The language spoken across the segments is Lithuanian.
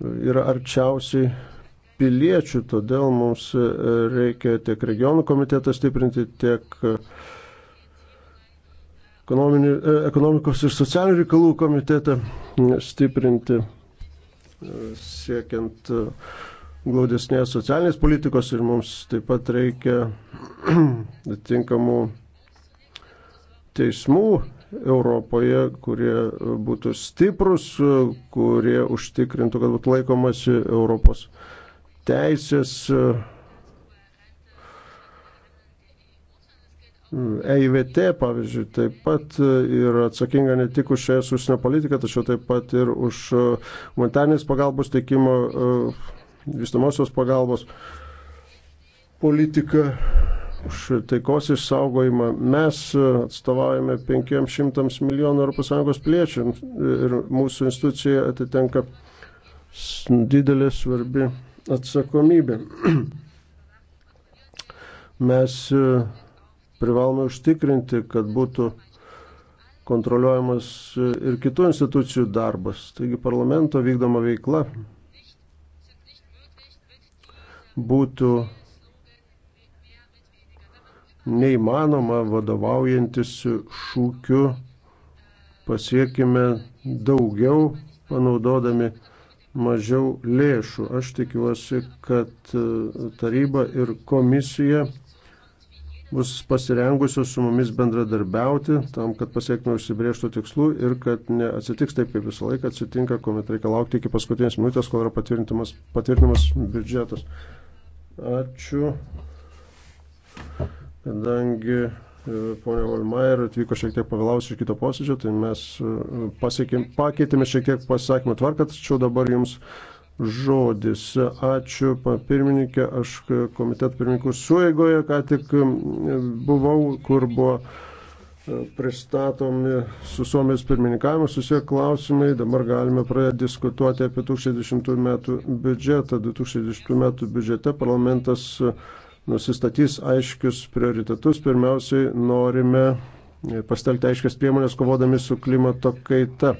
yra arčiausiai piliečių, todėl mums e, reikia tiek regionų komitetą stiprinti, tiek e, e, ekonomikos ir socialinių reikalų komitetą stiprinti, siekiant glaudesnės socialinės politikos ir mums taip pat reikia atitinkamų teismų Europoje, kurie būtų stiprus, kurie užtikrintų, kad būtų laikomasi Europos teisės EIVT, pavyzdžiui, taip pat yra atsakinga ne tik už šią užsienio politiką, tačiau taip pat ir už humanitarnės pagalbos teikimo, e, vystamosios pagalbos politiką už taikos išsaugojimą. Mes atstovaujame 500 milijonų ES piliečių ir mūsų institucija atitenka didelė svarbi atsakomybė. Mes e, privalome užtikrinti, kad būtų kontroliuojamas e, ir kitų institucijų darbas, taigi parlamento vykdoma veikla būtų neįmanoma vadovaujantis šūkiu pasiekime daugiau, panaudodami mažiau lėšų. Aš tikiuosi, kad e, taryba ir komisija bus pasirengusios su mumis bendradarbiauti tam, kad pasiektume užsibriežtų tikslų ir kad neatsitiks taip, kaip visą laiką atsitinka, kuomet reikia laukti iki paskutinės minutės, kol yra patvirtinamas, patvirtinamas biudžetas. Ačiū. Kadangi e, ponia Valmair atvyko šiek tiek pavėlaus iš kito posėdžio, tai mes e, pasiekėm, pakeitėme šiek tiek pasisakymą tvarką, tačiau dabar jums žodis. Ačiū, pirmininkė, aš e, komiteto pirmininkų suėgoje ką tik buvau, kur buvo pristatomi su Suomijos pirmininkavimu susiję klausimai. Dabar galime pradėti diskutuoti apie 2010 metų biudžetą. 2010 metų biudžete parlamentas nusistatys aiškius prioritetus. Pirmiausiai norime pastelti aiškias priemonės kovodami su klimato kaita.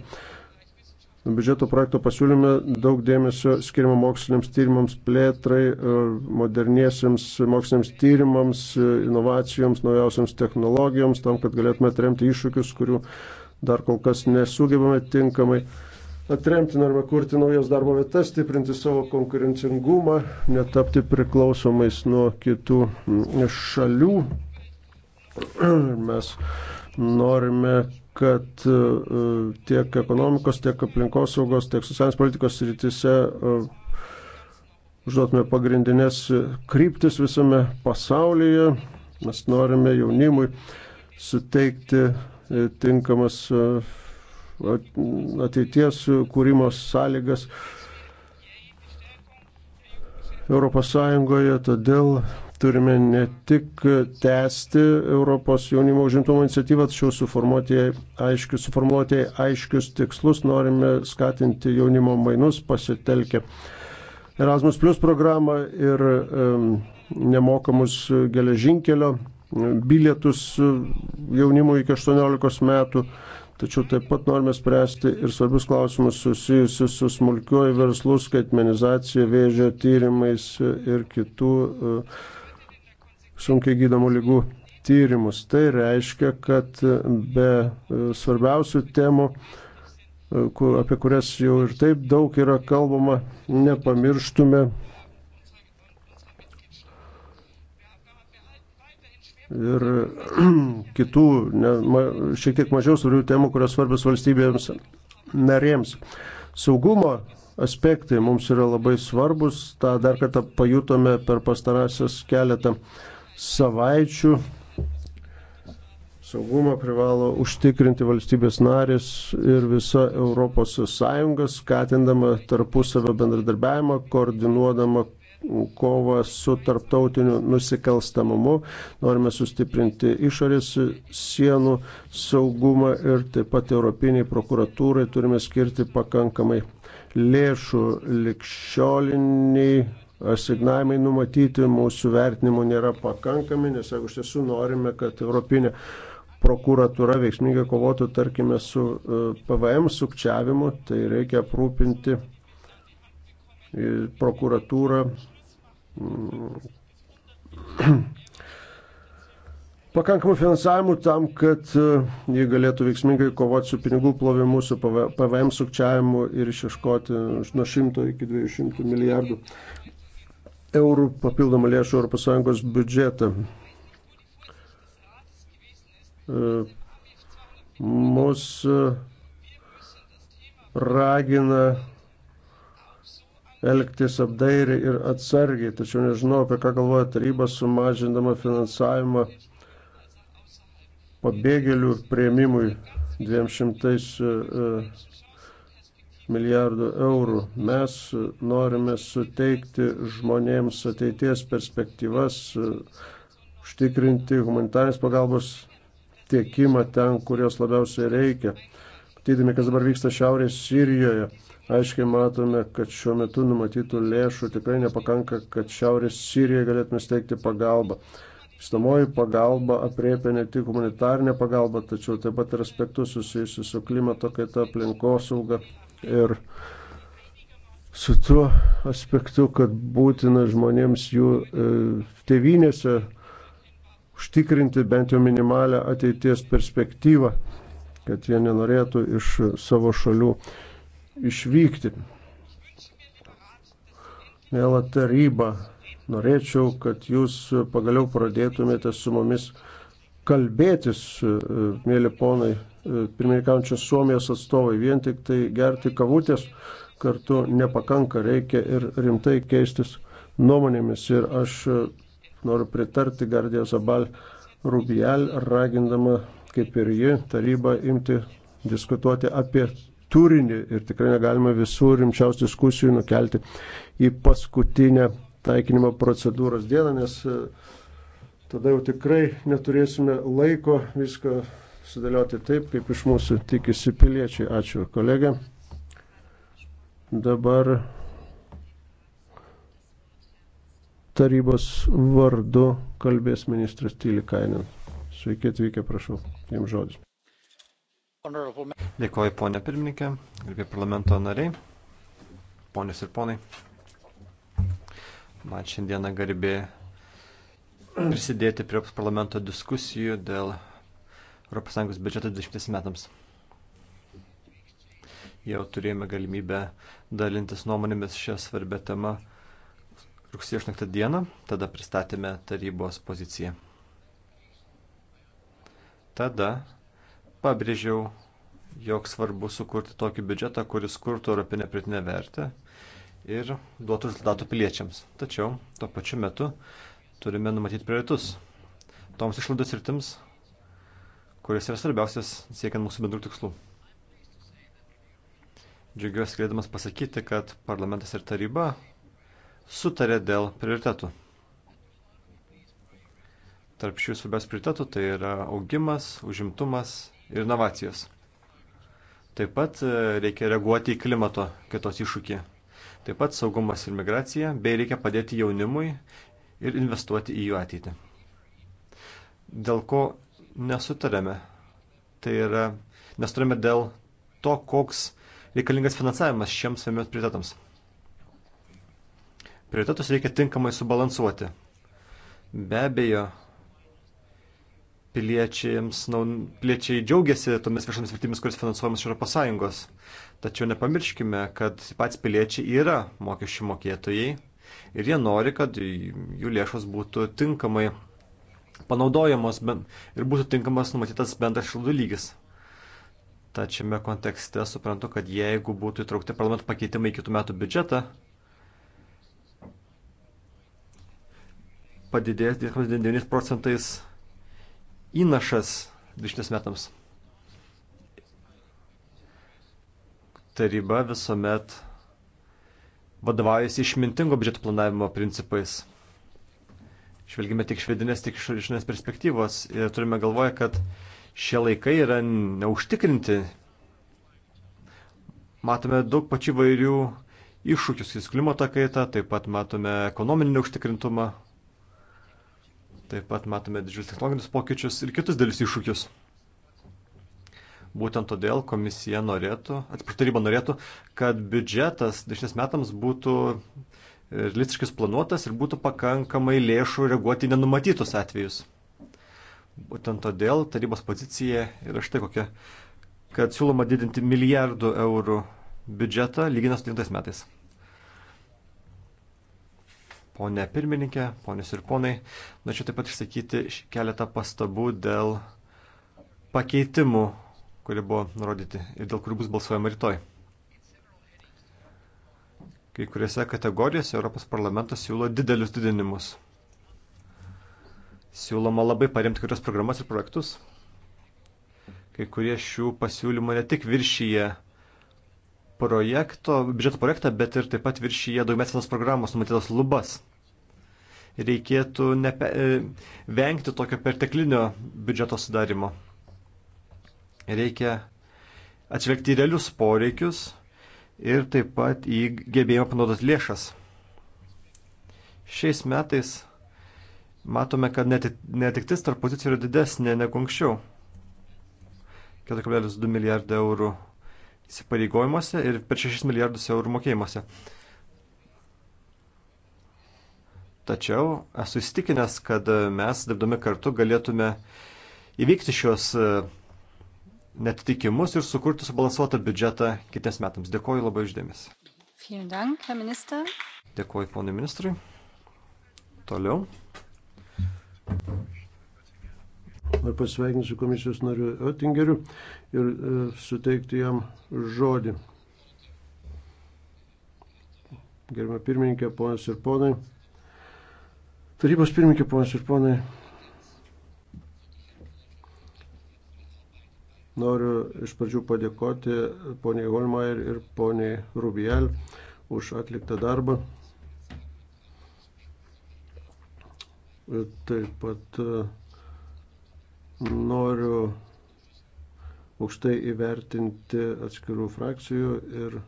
Biudžeto projekto pasiūlyme daug dėmesio skiriama moksliniams tyrimams plėtrai, moderniesiams moksliniams tyrimams, inovacijoms, naujausiams technologijoms, tam, kad galėtume atremti iššūkius, kurių dar kol kas nesugebame tinkamai atremti arba kurti naujas darbo vietas, stiprinti savo konkurencingumą, netapti priklausomais nuo kitų mm, šalių. Mes norime, kad e, tiek ekonomikos, tiek aplinkosaugos, tiek socialinės politikos rytise e, užduotume pagrindinės kryptis visame pasaulyje. Mes norime jaunimui suteikti e, tinkamas ateities kūrimo sąlygas ES, todėl turime ne tik tęsti Europos jaunimo užimtumo iniciatyvą, tačiau suformuoti aiškius, suformuoti aiškius tikslus, norime skatinti jaunimo mainus pasitelkę Erasmus Plus programą ir um, nemokamus geležinkelio bilietus jaunimui iki 18 metų tačiau taip pat norime spręsti ir svarbius klausimus susijusius su smulkiuoju verslu, skaitmenizacija, vėžio tyrimais ir kitų e, sunkiai gydomų lygų tyrimus. Tai reiškia, kad be e, svarbiausių temų, e, apie kurias jau ir taip daug yra kalbama, nepamirštume ir kitų ne, ma, šiek tiek mažiau svarbių temų, kurios svarbios valstybėms narėms. Saugumo aspektai mums yra labai svarbus, tą dar kartą pajutome per pastarąsias keletą savaičių. Saugumą privalo užtikrinti valstybės narės ir visa ES, skatindama tarpusavio bendradarbiavimą, koordinuodama kovą su tarptautiniu nusikalstamumu, norime sustiprinti išorės sienų saugumą ir taip pat Europiniai prokuratūrai turime skirti pakankamai lėšų likščioliniai. Asignavimai numatyti mūsų vertinimų nėra pakankami, nes jeigu iš tiesų norime, kad Europinė prokuratūra veiksmingai kovotų, tarkime, su e, PVM sukčiavimu, tai reikia aprūpinti prokuratūra pakankamų finansavimų tam, kad e, jie galėtų veiksmingai kovoti su pinigų plovimu, su PVM sukčiavimu ir išieškoti nuo 100 iki 200 milijardų eurų papildomą lėšų ES biudžetą. E, Mūsų e, ragina elgtis apdairiai ir atsargiai, tačiau nežinau, apie ką galvoja taryba sumažindama finansavimą pabėgėlių prieimimui 200 e, milijardų eurų. Mes norime suteikti žmonėms ateities perspektyvas, e, užtikrinti humanitarės pagalbos tiekimą ten, kur jos labiausiai reikia. Matydami, kas dabar vyksta Šiaurės Sirijoje, Aiškiai matome, kad šiuo metu numatytų lėšų tikrai nepakanka, kad Šiaurės Sirijoje galėtume steigti pagalbą. Stamoji pagalba apriepia ne tik humanitarinę pagalbą, tačiau taip pat ir aspektus susijusius su klimato kaita, aplinkosauga ir su tuo aspektu, kad būtina žmonėms jų e, tevinėse užtikrinti bent jau minimalę ateities perspektyvą, kad jie nenorėtų iš savo šalių išvykti. Mėla taryba, norėčiau, kad jūs pagaliau pradėtumėte su mumis kalbėtis, mėly ponai, pirmininkaujančios Suomijos atstovai, vien tik tai gerti kavutės kartu nepakanka, reikia ir rimtai keistis nuomonėmis. Ir aš noriu pritarti Gardija Zabal Rubial, ragindama, kaip ir ji, tarybą imti diskutuoti apie turinį ir tikrai negalime visų rimčiausių diskusijų nukelti į paskutinę taikinimo procedūros dieną, nes e, tada jau tikrai neturėsime laiko viską sudėlioti taip, kaip iš mūsų tikisi piliečiai. Ačiū, kolegė. Dabar tarybos vardu kalbės ministras Tylikainen. Sveiki atvykę, prašau, jiems žodis. Dėkuoju, ponė pirmininkė, gerbė parlamento nariai, ponės ir ponai. Man šiandieną garbė prisidėti prie parlamento diskusijų dėl ES biudžeto 20 metams. Jau turėjome galimybę dalintis nuomonėmis šią svarbę temą rugsėjo 8 dieną, tada pristatėme tarybos poziciją. Tada pabrėžiau, jog svarbu sukurti tokį biudžetą, kuris kurtų europinę pritinę vertę ir duotų rezultatų piliečiams. Tačiau tuo pačiu metu turime numatyti prioritus toms išlaidos rytims, kuris yra svarbiausias siekiant mūsų bendrų tikslų. Džiugiuosi galėdamas pasakyti, kad parlamentas ir taryba sutarė dėl prioritetų. Tarp šių svarbiausių prioritetų tai yra augimas, užimtumas ir inovacijas. Taip pat e, reikia reaguoti į klimato kitos iššūkį. Taip pat saugumas ir migracija, bei reikia padėti jaunimui ir investuoti į jų ateitį. Dėl ko nesutarėme? Tai yra, nesutarėme dėl to, koks reikalingas finansavimas šiems svėmės prioritetams. Prioritetus reikia tinkamai subalansuoti. Be abejo, piliečiams, piliečiai džiaugiasi tomis viešomis vertimis, kuris finansuojamas iš ES. Tačiau nepamirškime, kad pats piliečiai yra mokesčių mokėtojai ir jie nori, kad jų lėšos būtų tinkamai panaudojamos ir būtų tinkamas numatytas bendras šildų lygis. Tačiame kontekste suprantu, kad jeigu būtų įtraukti parlamento pakeitimai į kitų metų biudžetą, padidės 9 procentais įnašas 20 metams. Taryba visuomet vadovaujasi išmintingo biudžeto planavimo principais. Žvelgime tik švedinės, tik išorinės perspektyvos ir turime galvoje, kad šie laikai yra neužtikrinti. Matome daug pačių vairių iššūkius, jis klimato kaita, taip pat matome ekonominį neužtikrintumą, Taip pat matome didžiulius technologinius pokyčius ir kitus dėlius iššūkius. Būtent todėl komisija norėtų, atsiprašau, taryba norėtų, kad biudžetas dešinės metams būtų realistiškai planuotas ir būtų pakankamai lėšų reaguoti į nenumatytus atvejus. Būtent todėl tarybos pozicija yra štai kokia, kad siūloma didinti milijardų eurų biudžetą lyginant su 9 metais ponė pirmininkė, ponės ir ponai. Norėčiau taip pat išsakyti keletą pastabų dėl pakeitimų, kurie buvo nurodyti ir dėl kurių bus balsuojama rytoj. Kai kuriuose kategorijose Europos parlamentas siūlo didelius didinimus. Siūloma labai paremti kurios programas ir projektus. Kai kurie šių pasiūlymų ne tik viršyje projekto, biudžeto projektą, bet ir taip pat viršyje daugmetinės programos numatytas lubas reikėtų nepe, e, vengti tokio perteklinio biudžeto sudarimo. Reikia atsvelgti realius poreikius ir taip pat į gebėjimą panaudoti lėšas. Šiais metais matome, kad netiktis tarp pozicijų yra didesnė negu anksčiau. 4,2 milijardai eurų įsipareigojimuose ir per 6 milijardus eurų mokėjimuose. Tačiau esu įstikinęs, kad mes, dirbdami kartu, galėtume įveikti šios e, netitikimus ir sukurti subalansuotą biudžetą kitiems metams. Dėkuoju labai uždėmesi. Dėkuoju ponui ministrui. Toliau. Ar pasveikinsiu komisijos nariu Oettingeriu ir e, suteikti jam žodį. Gerbė pirmininkė, ponas ir ponai. Tarybos pirmininkė, ponas ir ponai, noriu iš pradžių padėkoti poniai Holmeier ir poniai Rubiel už atliktą darbą. Taip pat e, noriu aukštai įvertinti atskirų frakcijų ir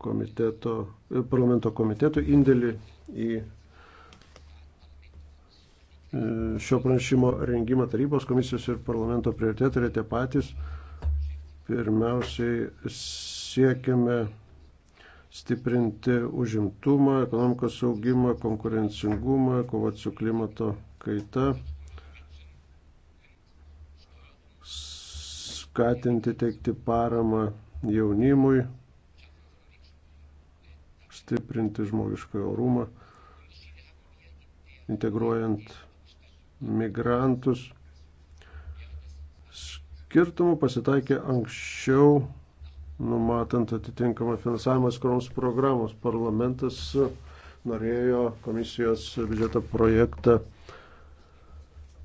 komiteto, e, parlamento komiteto indėlį į e, šio pranešimo rengimą tarybos komisijos ir parlamento prioritetai yra tie patys. Pirmiausiai siekiame stiprinti užimtumą, ekonomikos saugimą, konkurencingumą, kovoti su klimato kaita, skatinti teikti paramą jaunimui, stiprinti žmogišką orumą, integruojant migrantus. Skirtumų pasitaikė anksčiau, numatant atitinkamą finansavimą skroms programos. Parlamentas norėjo komisijos biudžeto projektą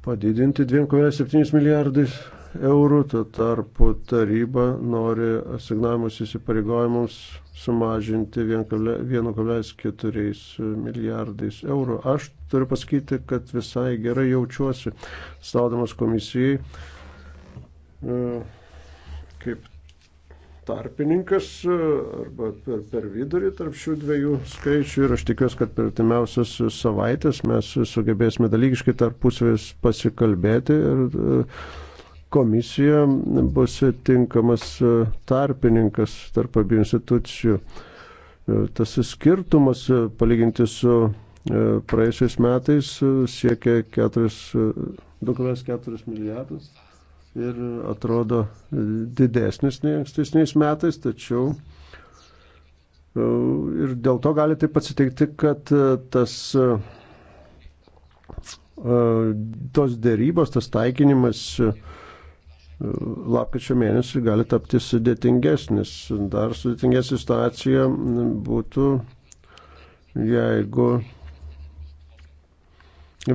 padidinti 2,7 milijardais eurų, tuo tarpu taryba nori asignavimus įsipareigojimus sumažinti 1,4 milijardais eurų. Aš turiu pasakyti, kad visai gerai jaučiuosi, staudamas komisijai, e, kaip tarpininkas e, arba per, per vidurį tarp šių dviejų skaičių ir aš tikiuosi, kad per timiausias savaitės mes sugebėsime dalykiškai tarpusvės pasikalbėti ir e, komisija bus tinkamas e, tarpininkas tarp abiejų institucijų. Tas skirtumas palyginti su praėjusiais metais siekia 2,4 milijardus ir atrodo didesnis nei ankstesniais metais, tačiau e, ir dėl to gali taip atsitikti, kad e, tas e, tos dėrybos, tas taikinimas lapkričio mėnesį gali tapti sudėtingesnis. Dar sudėtingesnė situacija būtų, jeigu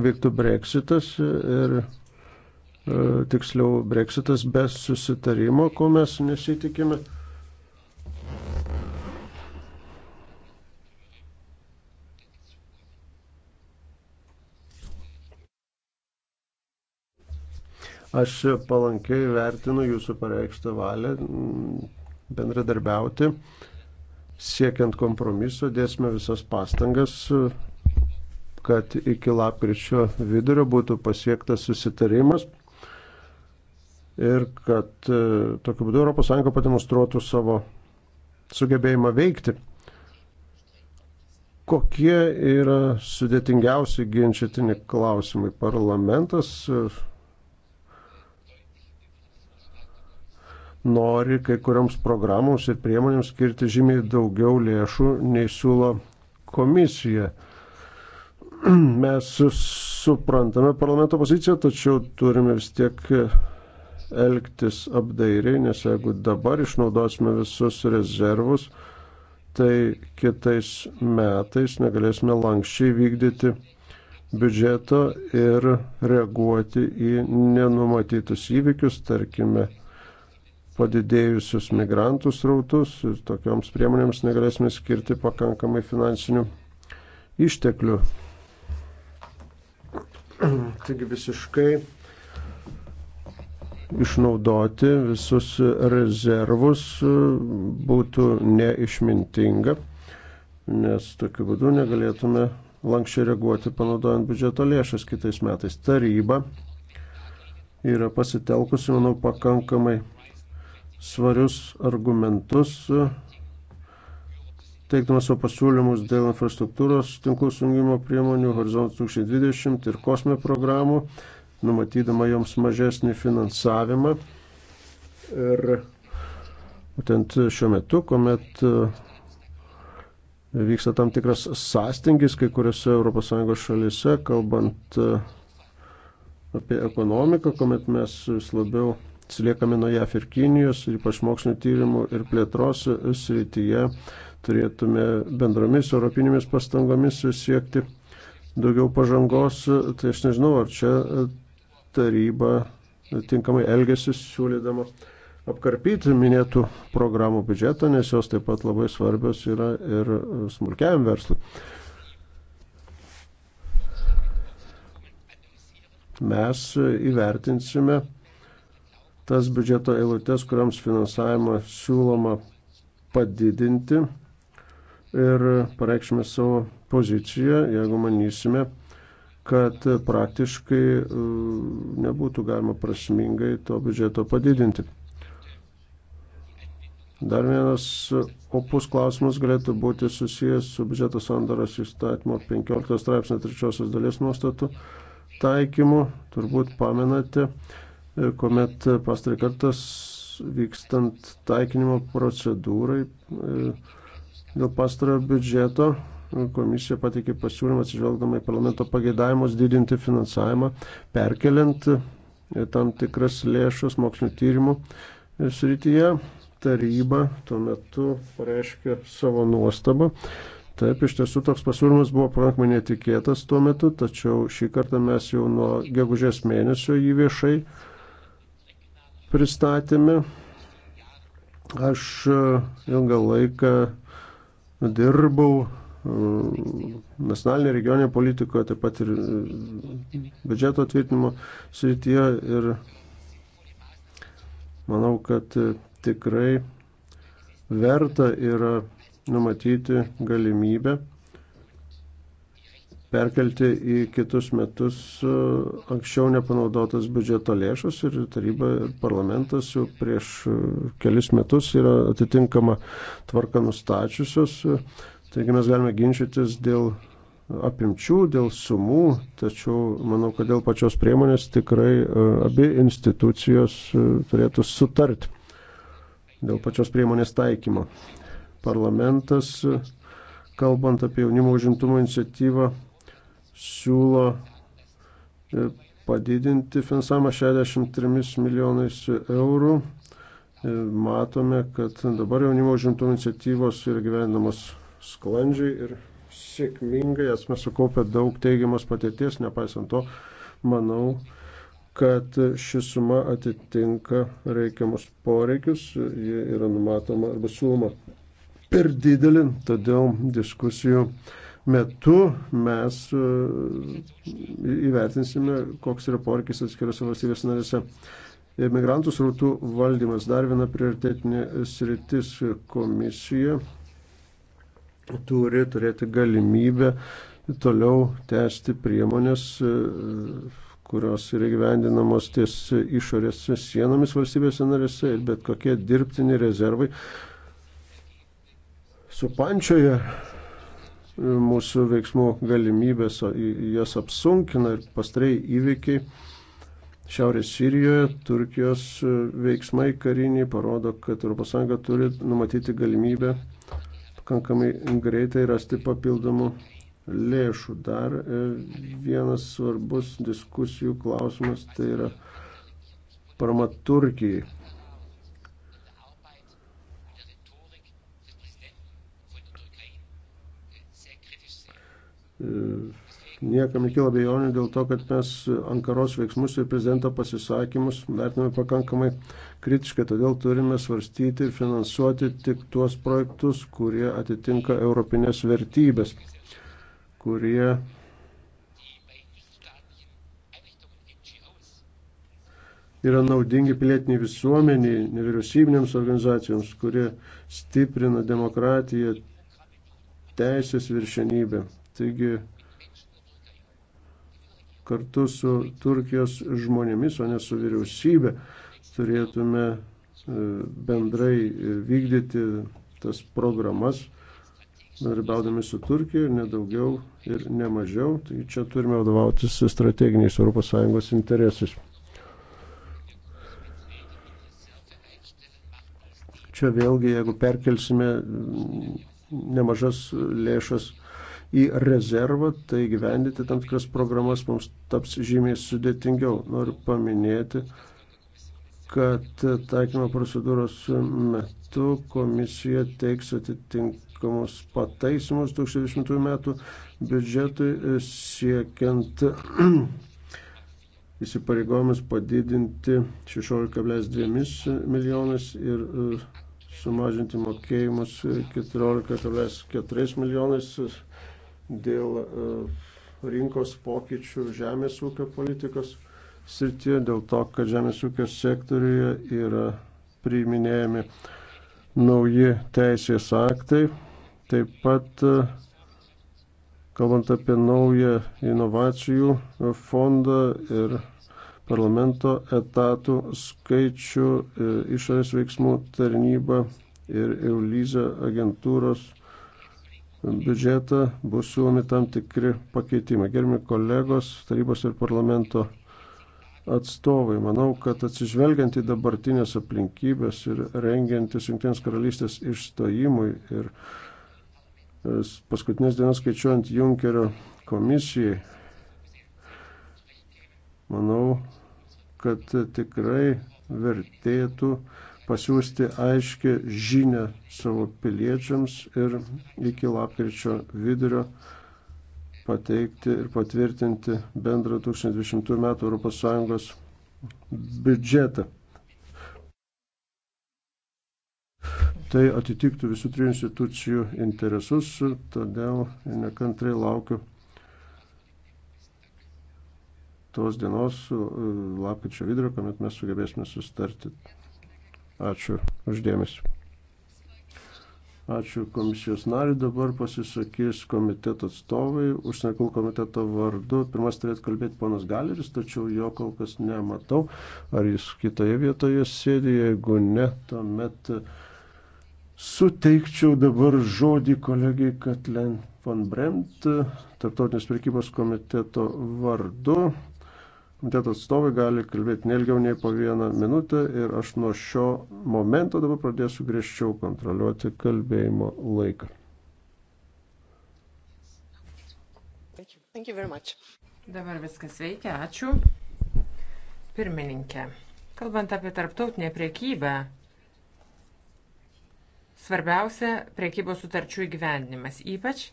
vyktų breksitas ir E, tiksliau breksitas be susitarimo, ko mes nesitikime. Aš palankiai vertinu jūsų pareikštą valią mm, bendradarbiauti, siekiant kompromiso, dėsime visas pastangas, kad iki lapkričio vidurio būtų pasiektas susitarimas ir kad e, tokiu būdu ES pademonstruotų savo sugebėjimą veikti. Kokie yra sudėtingiausi ginčytini klausimai? Parlamentas e, nori kai kurioms programoms ir priemonėms skirti žymiai daugiau lėšų, nei siūlo komisija mes suprantame parlamento poziciją, tačiau turime vis tiek elgtis apdairiai, nes jeigu dabar išnaudosime visus rezervus, tai kitais metais negalėsime lankščiai vykdyti biudžeto ir reaguoti į nenumatytus įvykius, tarkime, padidėjusius migrantų srautus ir tokioms priemonėms negalėsime skirti pakankamai finansinių išteklių. Taigi visiškai išnaudoti visus rezervus būtų neišmintinga, nes tokiu būdu negalėtume lankščiai reaguoti panaudojant biudžeto lėšas kitais metais. Taryba yra pasitelkusi, manau, pakankamai svarius argumentus, teikdamas savo pasiūlymus dėl infrastruktūros tinklų sungimo priemonių, Horizontas 2020 ir kosme programų numatydama joms mažesnį finansavimą. Ir būtent šiuo metu, kuomet e, vyksta tam tikras sąstingis kai kuriuose ES šalise, kalbant e, apie ekonomiką, kuomet mes vis labiau atsiliekame nuo JAF ir Kinijos, ypač mokslinio tyrimų ir plėtros srityje, turėtume bendromis europinėmis pastangomis siekti daugiau pažangos, tai aš nežinau, ar čia taryba tinkamai elgesi siūlydama apkarpyti minėtų programų biudžetą, nes jos taip pat labai svarbios yra ir smulkiajam verslui. Mes įvertinsime tas biudžeto eilutės, kuriams finansavimą siūloma padidinti ir pareikšime savo poziciją, jeigu manysime, kad praktiškai e, nebūtų galima prasmingai to biudžeto padidinti. Dar vienas opus klausimas galėtų būti susijęs su biudžeto sandaros įstatymo 15 straipsnio 3 dalies nuostatų taikymu. Turbūt pamenate, e, kuomet pastarį kartą vykstant taikinimo procedūrai e, dėl pastarojo biudžeto komisija pateikė pasiūlymą atsižvelgdama į parlamento pageidavimus didinti finansavimą, perkeliant e, tam tikras lėšas mokslinio tyrimų e, srityje. Taryba tuo metu pareiškė savo nuostabą. Taip, iš tiesų toks pasiūlymas buvo pakankamai netikėtas tuo metu, tačiau šį kartą mes jau nuo gegužės mėnesio jį viešai pristatėme. Aš e, ilgą laiką dirbau nacionalinė regioninė politikoje, taip pat ir e, biudžeto tvirtinimo srityje ir manau, kad e, tikrai verta yra numatyti galimybę perkelti į kitus metus e, anksčiau nepanaudotas biudžeto lėšas ir taryba ir parlamentas jau prieš kelis metus yra atitinkama tvarka nustačiusios Taigi mes galime ginčytis dėl apimčių, dėl sumų, tačiau manau, kad dėl pačios priemonės tikrai e, abi institucijos e, turėtų sutarti dėl pačios priemonės taikymo. Parlamentas, e, kalbant apie jaunimo užimtumo iniciatyvą, siūlo padidinti finansavimą 63 milijonais eurų. Matome, kad dabar jaunimo užimtumo iniciatyvos yra gyvenamos sklandžiai ir sėkmingai, esame sukaupę daug teigiamos patirties, nepaisant to, manau, kad ši suma atitinka reikiamus poreikius, ji yra numatoma arba siūloma per didelį, todėl diskusijų metu mes e, įvertinsime, koks yra poreikis atskiriuose valstybės narėse. Migrantų srautų valdymas dar viena prioritetinė sritis komisija turi turėti galimybę toliau tęsti priemonės, e, kurios yra gyvendinamos ties išorės sienomis valstybėse narėse ir bet kokie dirbtiniai rezervai supančioje mūsų veiksmų galimybės, jas apsunkina ir pastrai įvykiai. Šiaurės Sirijoje Turkijos e, veiksmai kariniai parodo, kad ES turi numatyti galimybę pakankamai greitai rasti papildomų lėšų. Dar e, vienas svarbus diskusijų klausimas tai yra parama Turkijai. Uh, Niekam nekyla bejonių dėl to, kad mes Ankaros veiksmus ir prezidento pasisakymus vertiname pakankamai kritiškai, todėl turime svarstyti ir finansuoti tik tuos projektus, kurie atitinka europinės vertybės, kurie yra naudingi pilietiniai visuomeniai, nevyriausybinėms organizacijoms, kurie stiprina demokratiją, teisės viršenybę. Taigi kartu su Turkijos žmonėmis, o ne su vyriausybė, turėtume e, bendrai e, vykdyti tas programas, dalyvaudami su Turkija, nedaugiau ir nemažiau. Tai čia turime vadovautis strateginiais ES interesais. Čia vėlgi, jeigu perkelsime nemažas lėšas į rezervą, tai gyvendyti tam tikras programas mums taps žymiai sudėtingiau. Noriu paminėti, kad taikymo procedūros metu komisija teiks atitinkamus pataisimus 2020 metų biudžetui e, siekiant įsipareigojimus padidinti 16,2 milijonus ir e, sumažinti mokėjimus 14,4 milijonais dėl e, rinkos pokyčių žemės ūkio politikos srityje, dėl to, kad žemės ūkio sektoriuje yra priiminėjami nauji teisės aktai. Taip pat, e, kalbant apie naują inovacijų fondą ir parlamento etatų skaičių, e, išorės veiksmų tarnyba ir EULIZA agentūros biudžetą bus siūlomi tam tikri pakeitimai. Gerbimi kolegos, tarybos ir parlamento atstovai, manau, kad atsižvelgiant į dabartinės aplinkybės ir rengiantis Junktinės karalystės išstojimui ir e, paskutinės dienas skaičiuojant Junkerio komisijai, manau, kad tikrai vertėtų uh, pasiūsti aiškę žinę savo piliečiams ir iki lapkričio vidurio pateikti ir patvirtinti bendrą 2020 m. ES biudžetą. Tai atitiktų visų trijų institucijų interesus, todėl nekantrai laukiu tos dienos, lapkričio vidurio, kuomet mes sugebėsime sustarti Ačiū uždėmesi. Ačiū komisijos nariu. Dabar pasisakys komiteto atstovai. Užsienio komiteto vardu. Pirmas turėtų kalbėti ponas Galeris, tačiau jo kol kas nematau. Ar jis kitoje vietoje sėdi? Jeigu ne, tuomet suteikčiau dabar žodį kolegijai Katlen von Bremt, Tartautinės prekybos komiteto vardu komiteto atstovai gali kalbėti nelgiau nei po vieną minutę ir aš nuo šio momento dabar pradėsiu griežčiau kontroliuoti kalbėjimo laiką. Dabar viskas veikia, ačiū. Pirmininkė, kalbant apie tarptautinę priekybę, svarbiausia priekybos sutarčių įgyvendinimas, ypač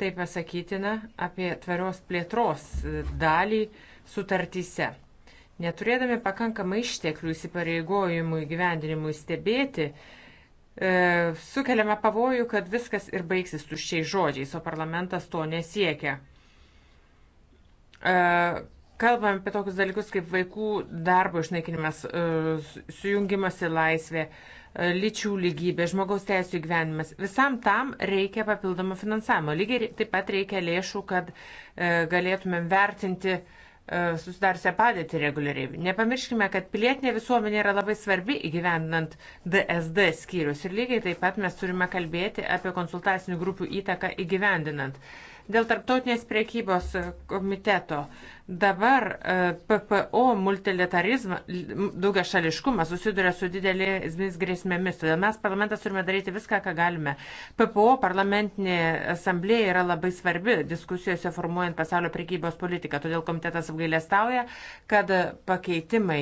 tai pasakytina apie tvarios plėtros dalį sutartyse. Neturėdami pakankamai išteklių įsipareigojimų įgyvendinimui stebėti, e, sukeliame pavojų, kad viskas ir baigsis tuščiai žodžiais, o parlamentas to nesiekia. E, kalbam apie tokius dalykus kaip vaikų darbo išnaikinimas, e, sujungimas į laisvę, e, lyčių lygybė, žmogaus teisų įgyvenimas. Visam tam reikia papildomo finansavimo. Lygiai taip pat reikia lėšų, kad e, galėtumėm vertinti e, E, susidariusią padėtį reguliariai. Nepamirškime, kad pilietinė visuomenė yra labai svarbi įgyvendinant DSD skyrius ir lygiai taip pat mes turime kalbėti apie konsultacinių grupių įtaką įgyvendinant. Dėl tarptautinės priekybos komiteto dabar e, PPO multilitarizmas, daugia šališkumas susiduria su didelėmis grėsmėmis. Todėl mes parlamentas turime daryti viską, ką galime. PPO parlamentinė asamblėja yra labai svarbi diskusijose formuojant pasaulio priekybos politiką. Todėl komitetas apgailestauja, kad pakeitimai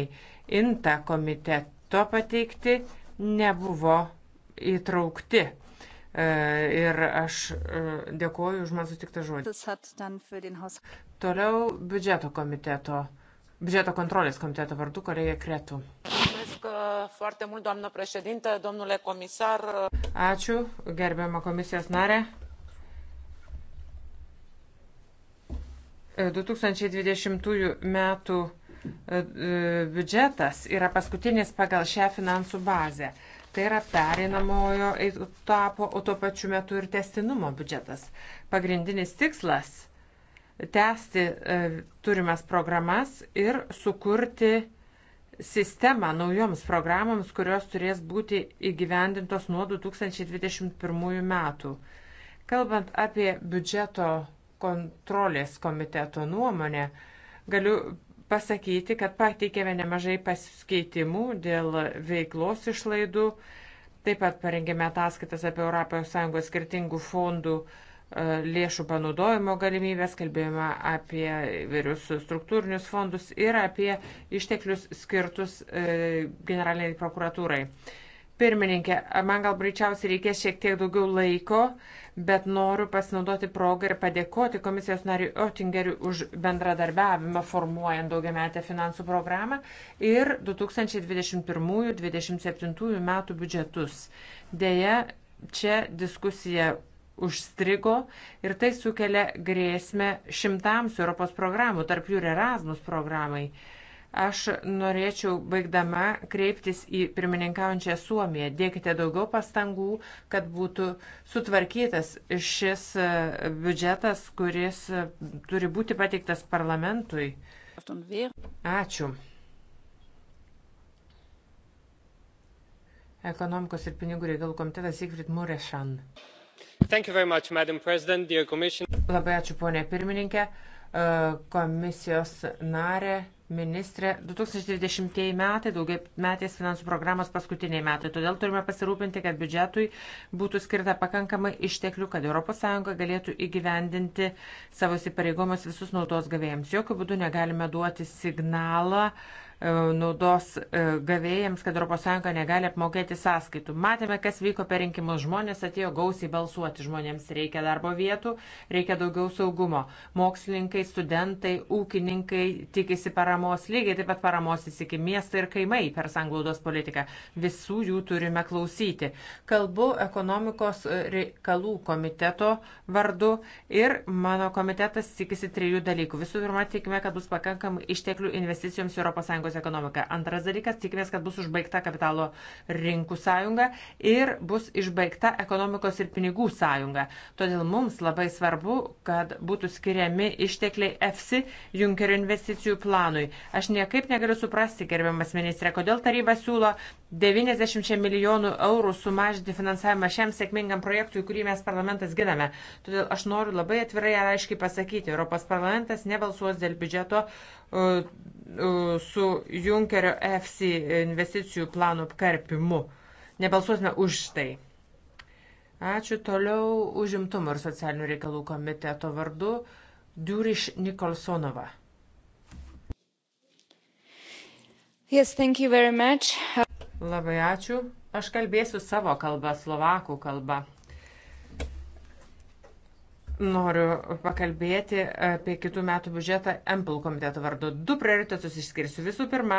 INTA komiteto pateikti nebuvo įtraukti E, ir aš e, dėkuoju už man sutiktą žodį. Toliau biudžeto komiteto, biudžeto kontrolės komiteto vardu kolegė Kretų. E, Ačiū, gerbiama komisijos narė. 2020 metų biudžetas yra paskutinis pagal šią finansų bazę. Tai yra perinamojo etapo, o tuo pačiu metu ir testinumo biudžetas. Pagrindinis tikslas - tęsti e, turimas programas ir sukurti sistemą naujoms programoms, kurios turės būti įgyvendintos nuo 2021 metų. Kalbant apie biudžeto kontrolės komiteto nuomonę, galiu pasakyti, kad pateikėme nemažai pasikeitimų dėl veiklos išlaidų, taip pat parengėme ataskaitas apie ES skirtingų fondų e, lėšų panaudojimo galimybės, kalbėjome apie vairius struktūrinius fondus ir apie išteklius skirtus e, generaliniai prokuratūrai. Pirmininkė, man gal greičiausiai reikės šiek tiek daugiau laiko, bet noriu pasinaudoti progą ir padėkoti komisijos nariui Oettingeriui už bendradarbiavimą formuojant daugiametę finansų programą ir 2021-2027 metų biudžetus. Deja, čia diskusija užstrigo ir tai sukelia grėsmę šimtams Europos programų, tarp jų ir Erasmus programai. Aš norėčiau baigdama kreiptis į pirmininkaujančią Suomiją. Dėkite daugiau pastangų, kad būtų sutvarkytas šis e, biudžetas, kuris e, turi būti pateiktas parlamentui. Ačiū. Ekonomikos ir pinigų reikalų komitetas Sigrid Murešan. Much, Labai ačiū, ponė pirmininkė. E, komisijos narė, ministrė. 2020 metai, daugia metės finansų programos paskutiniai metai. Todėl turime pasirūpinti, kad biudžetui būtų skirta pakankamai išteklių, kad ES galėtų įgyvendinti savo įsipareigomus visus naudos gavėjams. Jokių būdų negalime duoti signalą uh, E, naudos e, gavėjams, kad ES negali apmokėti sąskaitų. Matėme, kas vyko per rinkimus. Žmonės atėjo gausiai balsuoti. Žmonėms reikia darbo vietų, reikia daugiau saugumo. Mokslininkai, studentai, ūkininkai tikisi paramos, lygiai taip pat paramos įsiki miestai ir kaimai per sanglaudos politiką. Visų jų turime klausyti. Kalbu ekonomikos reikalų komiteto vardu ir mano komitetas tikisi trijų dalykų. Visų pirma, tikime, kad bus pakankamai išteklių investicijoms ES sąjungos ekonomiką. Antras dalykas, tikimės, kad bus užbaigta kapitalo rinkų sąjunga ir bus išbaigta ekonomikos ir pinigų sąjunga. Todėl mums labai svarbu, kad būtų skiriami ištekliai EFSI Junkerio investicijų planui. Aš niekaip negaliu suprasti, gerbiamas ministrė, kodėl taryba siūlo 90 milijonų eurų sumažinti finansavimą šiam sėkmingam projektui, kurį mes parlamentas giname. Todėl aš noriu labai atvirai ir aiškiai pasakyti, Europos parlamentas nebalsuos dėl biudžeto, E, e, su Junkerio EFSI investicijų plano apkarpimu. Nebalsuosime už tai. Ačiū toliau užimtumo ir socialinių reikalų komiteto vardu Duriš Nikolsonova. Yes, thank you very much. Labai ačiū. Aš kalbėsiu savo kalbą, slovakų kalbą noriu pakalbėti apie kitų metų biudžetą MPL komiteto vardu. Du prioritetus išskirsiu. Visų pirma,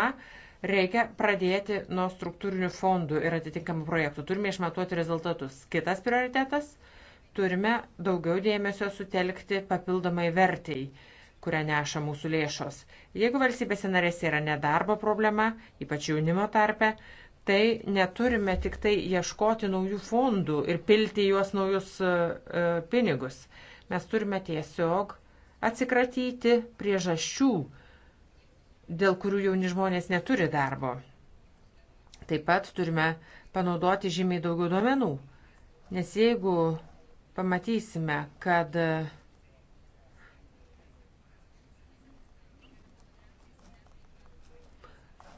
reikia pradėti nuo struktūrinių fondų ir atitinkamų projektų. Turime išmatuoti rezultatus. Kitas prioritetas - turime daugiau dėmesio sutelkti papildomai vertėjai kurią neša mūsų lėšos. Jeigu valstybėse narėse yra nedarbo problema, ypač jaunimo tarpe, tai neturime tik tai ieškoti naujų fondų ir pilti juos naujus e, e, pinigus. Mes turime tiesiog atsikratyti priežasčių, dėl kurių jauni žmonės neturi darbo. Taip pat turime panaudoti žymiai daugiau duomenų, nes jeigu pamatysime, kad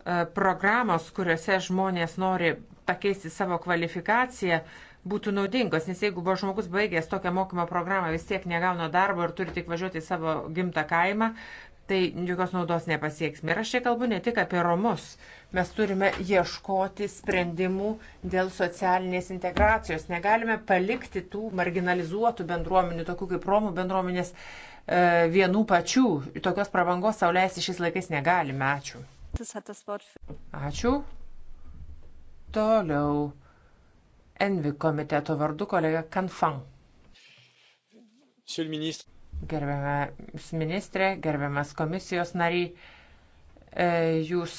E, programos, kuriuose žmonės nori pakeisti savo kvalifikaciją, būtų naudingos, nes jeigu buvo žmogus baigęs tokią mokymo programą, vis tiek negauna darbo ir turi tik važiuoti į savo gimtą kaimą, tai jokios naudos nepasieksime. Ir aš čia kalbu ne tik apie romus. Mes turime ieškoti sprendimų dėl socialinės integracijos. Negalime palikti tų marginalizuotų bendruomenių, tokių kaip romų bendruomenės, e, vienų pačių. Tokios prabangos sauliaisi šiais laikais negalime. Ačiū. Ačiū. Toliau. Envi komiteto vardu kolega Kanfang. Gerbiamas ministrė, gerbiamas komisijos nariai, e, jūs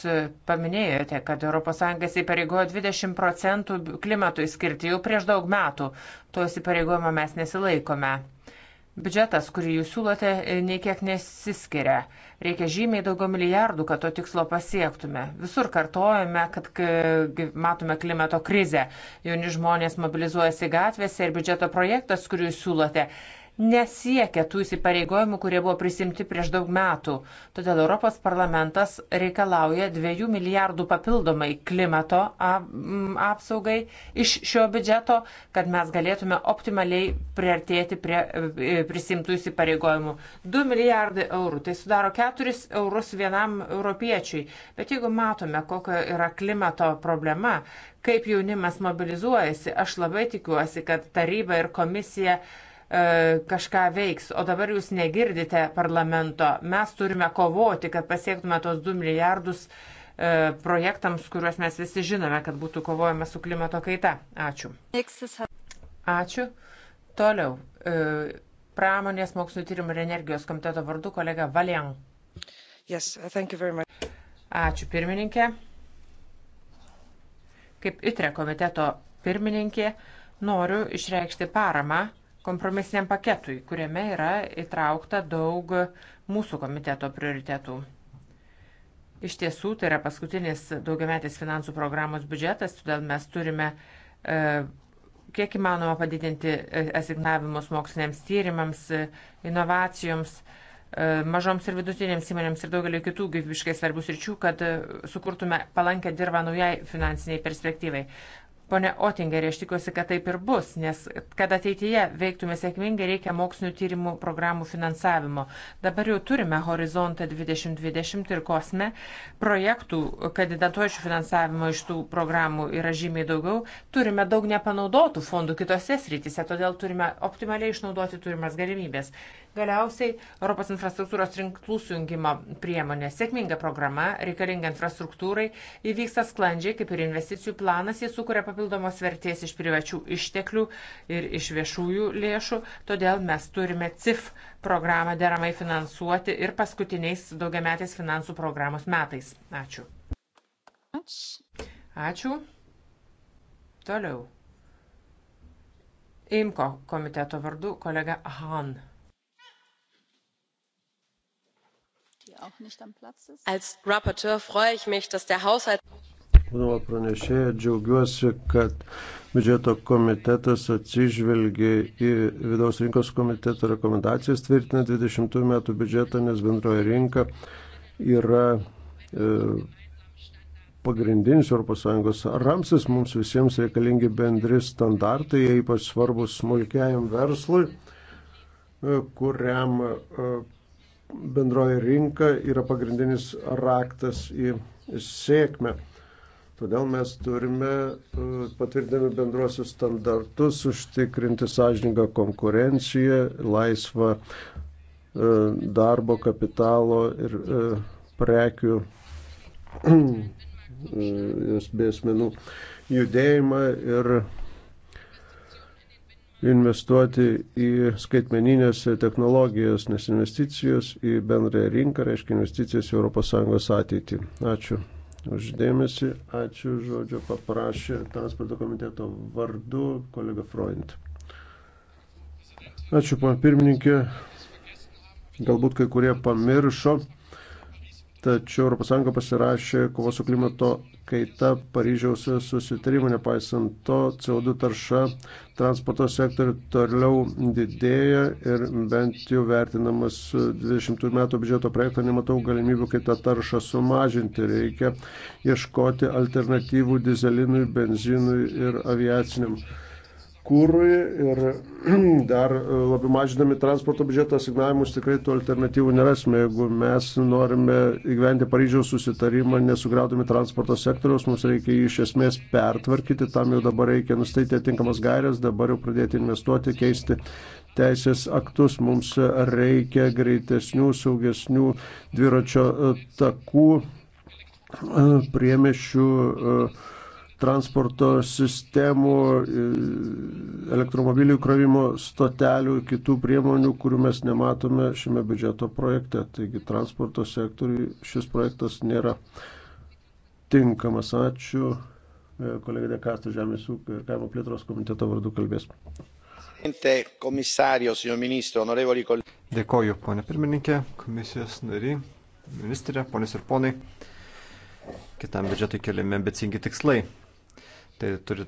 paminėjote, kad ES įpareigojo 20 procentų klimatui skirti jau prieš daug metų. To įsipareigojimo mes nesilaikome. Biudžetas, kurį jūs siūlote, e, niekiek nesiskiria. Reikia žymiai daugiau milijardų, kad to tikslo pasiektume. Visur kartojame, kad matome klimato krizę. Jauni žmonės mobilizuojasi gatvėse ir biudžeto projektas, kurį jūs siūlote, nesiekia tų įsipareigojimų, kurie buvo prisimti prieš daug metų. Todėl Europos parlamentas reikalauja 2 milijardų papildomai klimato apsaugai iš šio biudžeto, kad mes galėtume optimaliai priartėti prie e, prisimtų įsipareigojimų. 2 milijardai eurų, tai sudaro 4 eurus vienam europiečiui. Bet jeigu matome, kokia yra klimato problema, kaip jaunimas mobilizuojasi, aš labai tikiuosi, kad taryba ir komisija uh, E, kažką veiks, o dabar jūs negirdite parlamento. Mes turime kovoti, kad pasiektume tos 2 milijardus e, projektams, kuriuos mes visi žinome, kad būtų kovojama su klimato kaita. Ačiū. Ačiū. Toliau. E, pramonės mokslo tyrimų ir energijos komiteto vardu kolega Valian. Yes, Ačiū pirmininkė. Kaip ITRE komiteto pirmininkė, noriu išreikšti paramą kompromisiniam paketui, kuriame yra įtraukta daug mūsų komiteto prioritetų. Iš tiesų, tai yra paskutinis daugiametės finansų programos biudžetas, todėl mes turime e, kiek įmanoma padidinti e, asignavimus moksliniams tyrimams, e, inovacijoms mažoms ir vidutinėms įmonėms ir daugelį kitų gyvybiškai svarbių sričių, kad sukurtume palankę dirbą naujai finansiniai perspektyvai. Pone Otingeri, aš tikiuosi, kad taip ir bus, nes kad ateityje veiktume sėkmingai, reikia mokslinių tyrimų programų finansavimo. Dabar jau turime Horizontą 2020 ir Kosme. Projektų kandidatuojančių finansavimo iš tų programų yra žymiai daugiau. Turime daug nepanaudotų fondų kitose srityse, todėl turime optimaliai išnaudoti turimas galimybės. Galiausiai Europos infrastruktūros rinklų sujungimo priemonė sėkminga programa, reikalinga infrastruktūrai, įvyksta sklandžiai, kaip ir investicijų planas, jie sukuria papildomos vertės iš privačių išteklių ir iš viešųjų lėšų, todėl mes turime CIF programą deramai finansuoti ir paskutiniais daugiametės finansų programos metais. Ačiū. Ačiū. Toliau. Imko komiteto vardu kolega Han. als rapporteur freue ich mich dass der haushalt Būdama pranešėja, džiaugiuosi, kad biudžeto komitetas atsižvelgia į vidaus rinkos komiteto rekomendacijas tvirtina 20 metų biudžetą, nes bendroje rinka yra e, pagrindinis ES ramsis, mums visiems reikalingi bendri standartai, jie ypač svarbus smulkiajam verslui, e, kuriam e, bendroji rinka yra pagrindinis raktas į sėkmę. Todėl mes turime, e, patvirtinami bendruosius standartus, užtikrinti sąžiningą konkurenciją, laisvą e, darbo kapitalo ir e, prekių bei asmenų judėjimą ir investuoti į skaitmeninės technologijas, nes investicijos į bendrąją rinką reiškia investicijos į ES ateitį. Ačiū uždėmesi, ačiū žodžio paprašė transporto komiteto vardu kolega Freund. Ačiū, pana pirmininkė. Galbūt kai kurie pamiršo, tačiau ES pasirašė kovos su klimato kaita Paryžiaus susitarimų, nepaisant to, CO2 tarša transporto sektoriu toliau didėja ir bent jau vertinamas 20 metų biudžeto projektą nematau galimybių kitą taršą sumažinti. Reikia ieškoti alternatyvų dizelinui, benzinui ir aviaciniam kūrui ir dar e, labai mažinami transporto biudžeto asignavimus tikrai tų alternatyvų nerasime. Jeigu mes norime įgyventi Paryžiaus susitarimą, nesugriaudami transporto sektoriaus, mums reikia jį iš esmės pertvarkyti, tam jau dabar reikia nustatyti atinkamas gairias, dabar jau pradėti investuoti, keisti teisės aktus, mums reikia greitesnių, saugesnių dviračio e, takų, e, priemešių. Uh, transporto sistemų, e, elektromobilių įkrovimo stotelių ir kitų priemonių, kurių mes nematome šiame biudžeto projekte. Taigi transporto sektoriui šis projektas nėra tinkamas. Ačiū. E, kolega Dekastas Žemės ūkio ir kaimo plėtros komiteto vardu kalbės. Dėkoju, ponė pirmininkė, komisijos nariai, ministrė, ponės ir ponai. Kitam biudžetui keliami ambicingi tikslai. Tai turi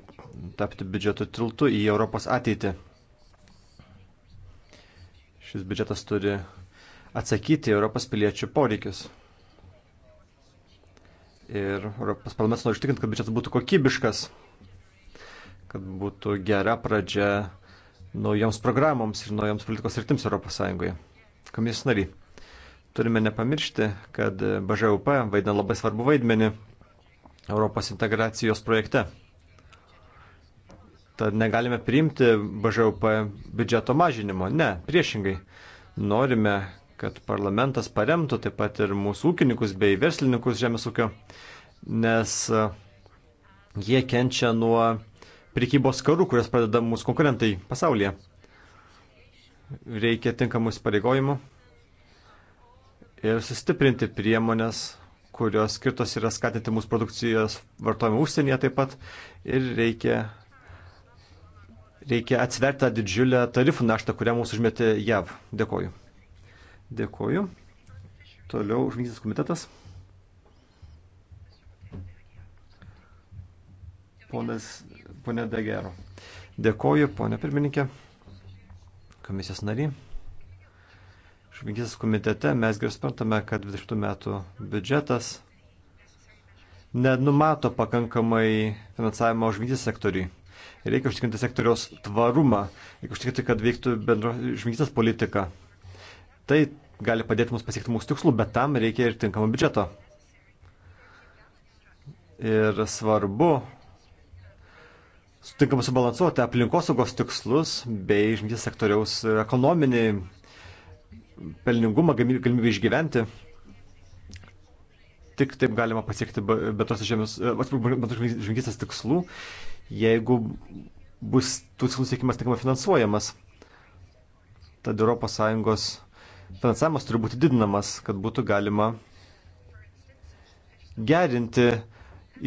tapti biudžeto tiltu į Europos ateitį. Šis biudžetas turi atsakyti Europos piliečių poreikius. Ir Europos parlamentas nori užtikrinti, kad biudžetas būtų kokybiškas, kad būtų gera pradžia naujoms programoms ir naujoms politikos rytims Europos Sąjungoje. Komisijos nariai, turime nepamiršti, kad BŽUP vaidina labai svarbu vaidmenį Europos integracijos projekte. Tad negalime priimti BŽUP biudžeto mažinimo. Ne, priešingai. Norime, kad parlamentas paremtų taip pat ir mūsų ūkininkus bei verslininkus žemės ūkio, nes e, jie kenčia nuo prikybos karų, kurias pradeda mūsų konkurentai pasaulyje. Reikia tinkamus pareigojimų ir sustiprinti priemonės, kurios skirtos yra skatinti mūsų produkcijos vartojimą užsienyje taip pat ir reikia reikia atsverti tą didžiulę tarifų naštą, kurią mums užmetė JAV. Dėkoju. Dėkoju. Toliau žmogysis komitetas. Ponas, ponė Degero. Dėkoju, ponė pirmininkė, komisijos nariai. Žmogysis komitete mes gerai suprantame, kad 20 metų biudžetas nenumato pakankamai finansavimo žmogysis sektoriui Reikia užtikrinti sektoriaus tvarumą, reikia užtikrinti, kad veiktų bendro žmygystės politika. Tai gali padėti mums pasiekti mūsų tikslų, bet tam reikia ir tinkamo biudžeto. Ir svarbu sutinkamai subalansuoti aplinkosaugos tikslus bei žmygystės sektoriaus ekonominį pelningumą, galimybę išgyventi tik taip galima pasiekti bendros žemės, eh, žemės žemės tikslų jeigu bus tikslus siekimas tinkamai finansuojamas. Tad ES finansavimas turi būti didinamas, kad būtų galima gerinti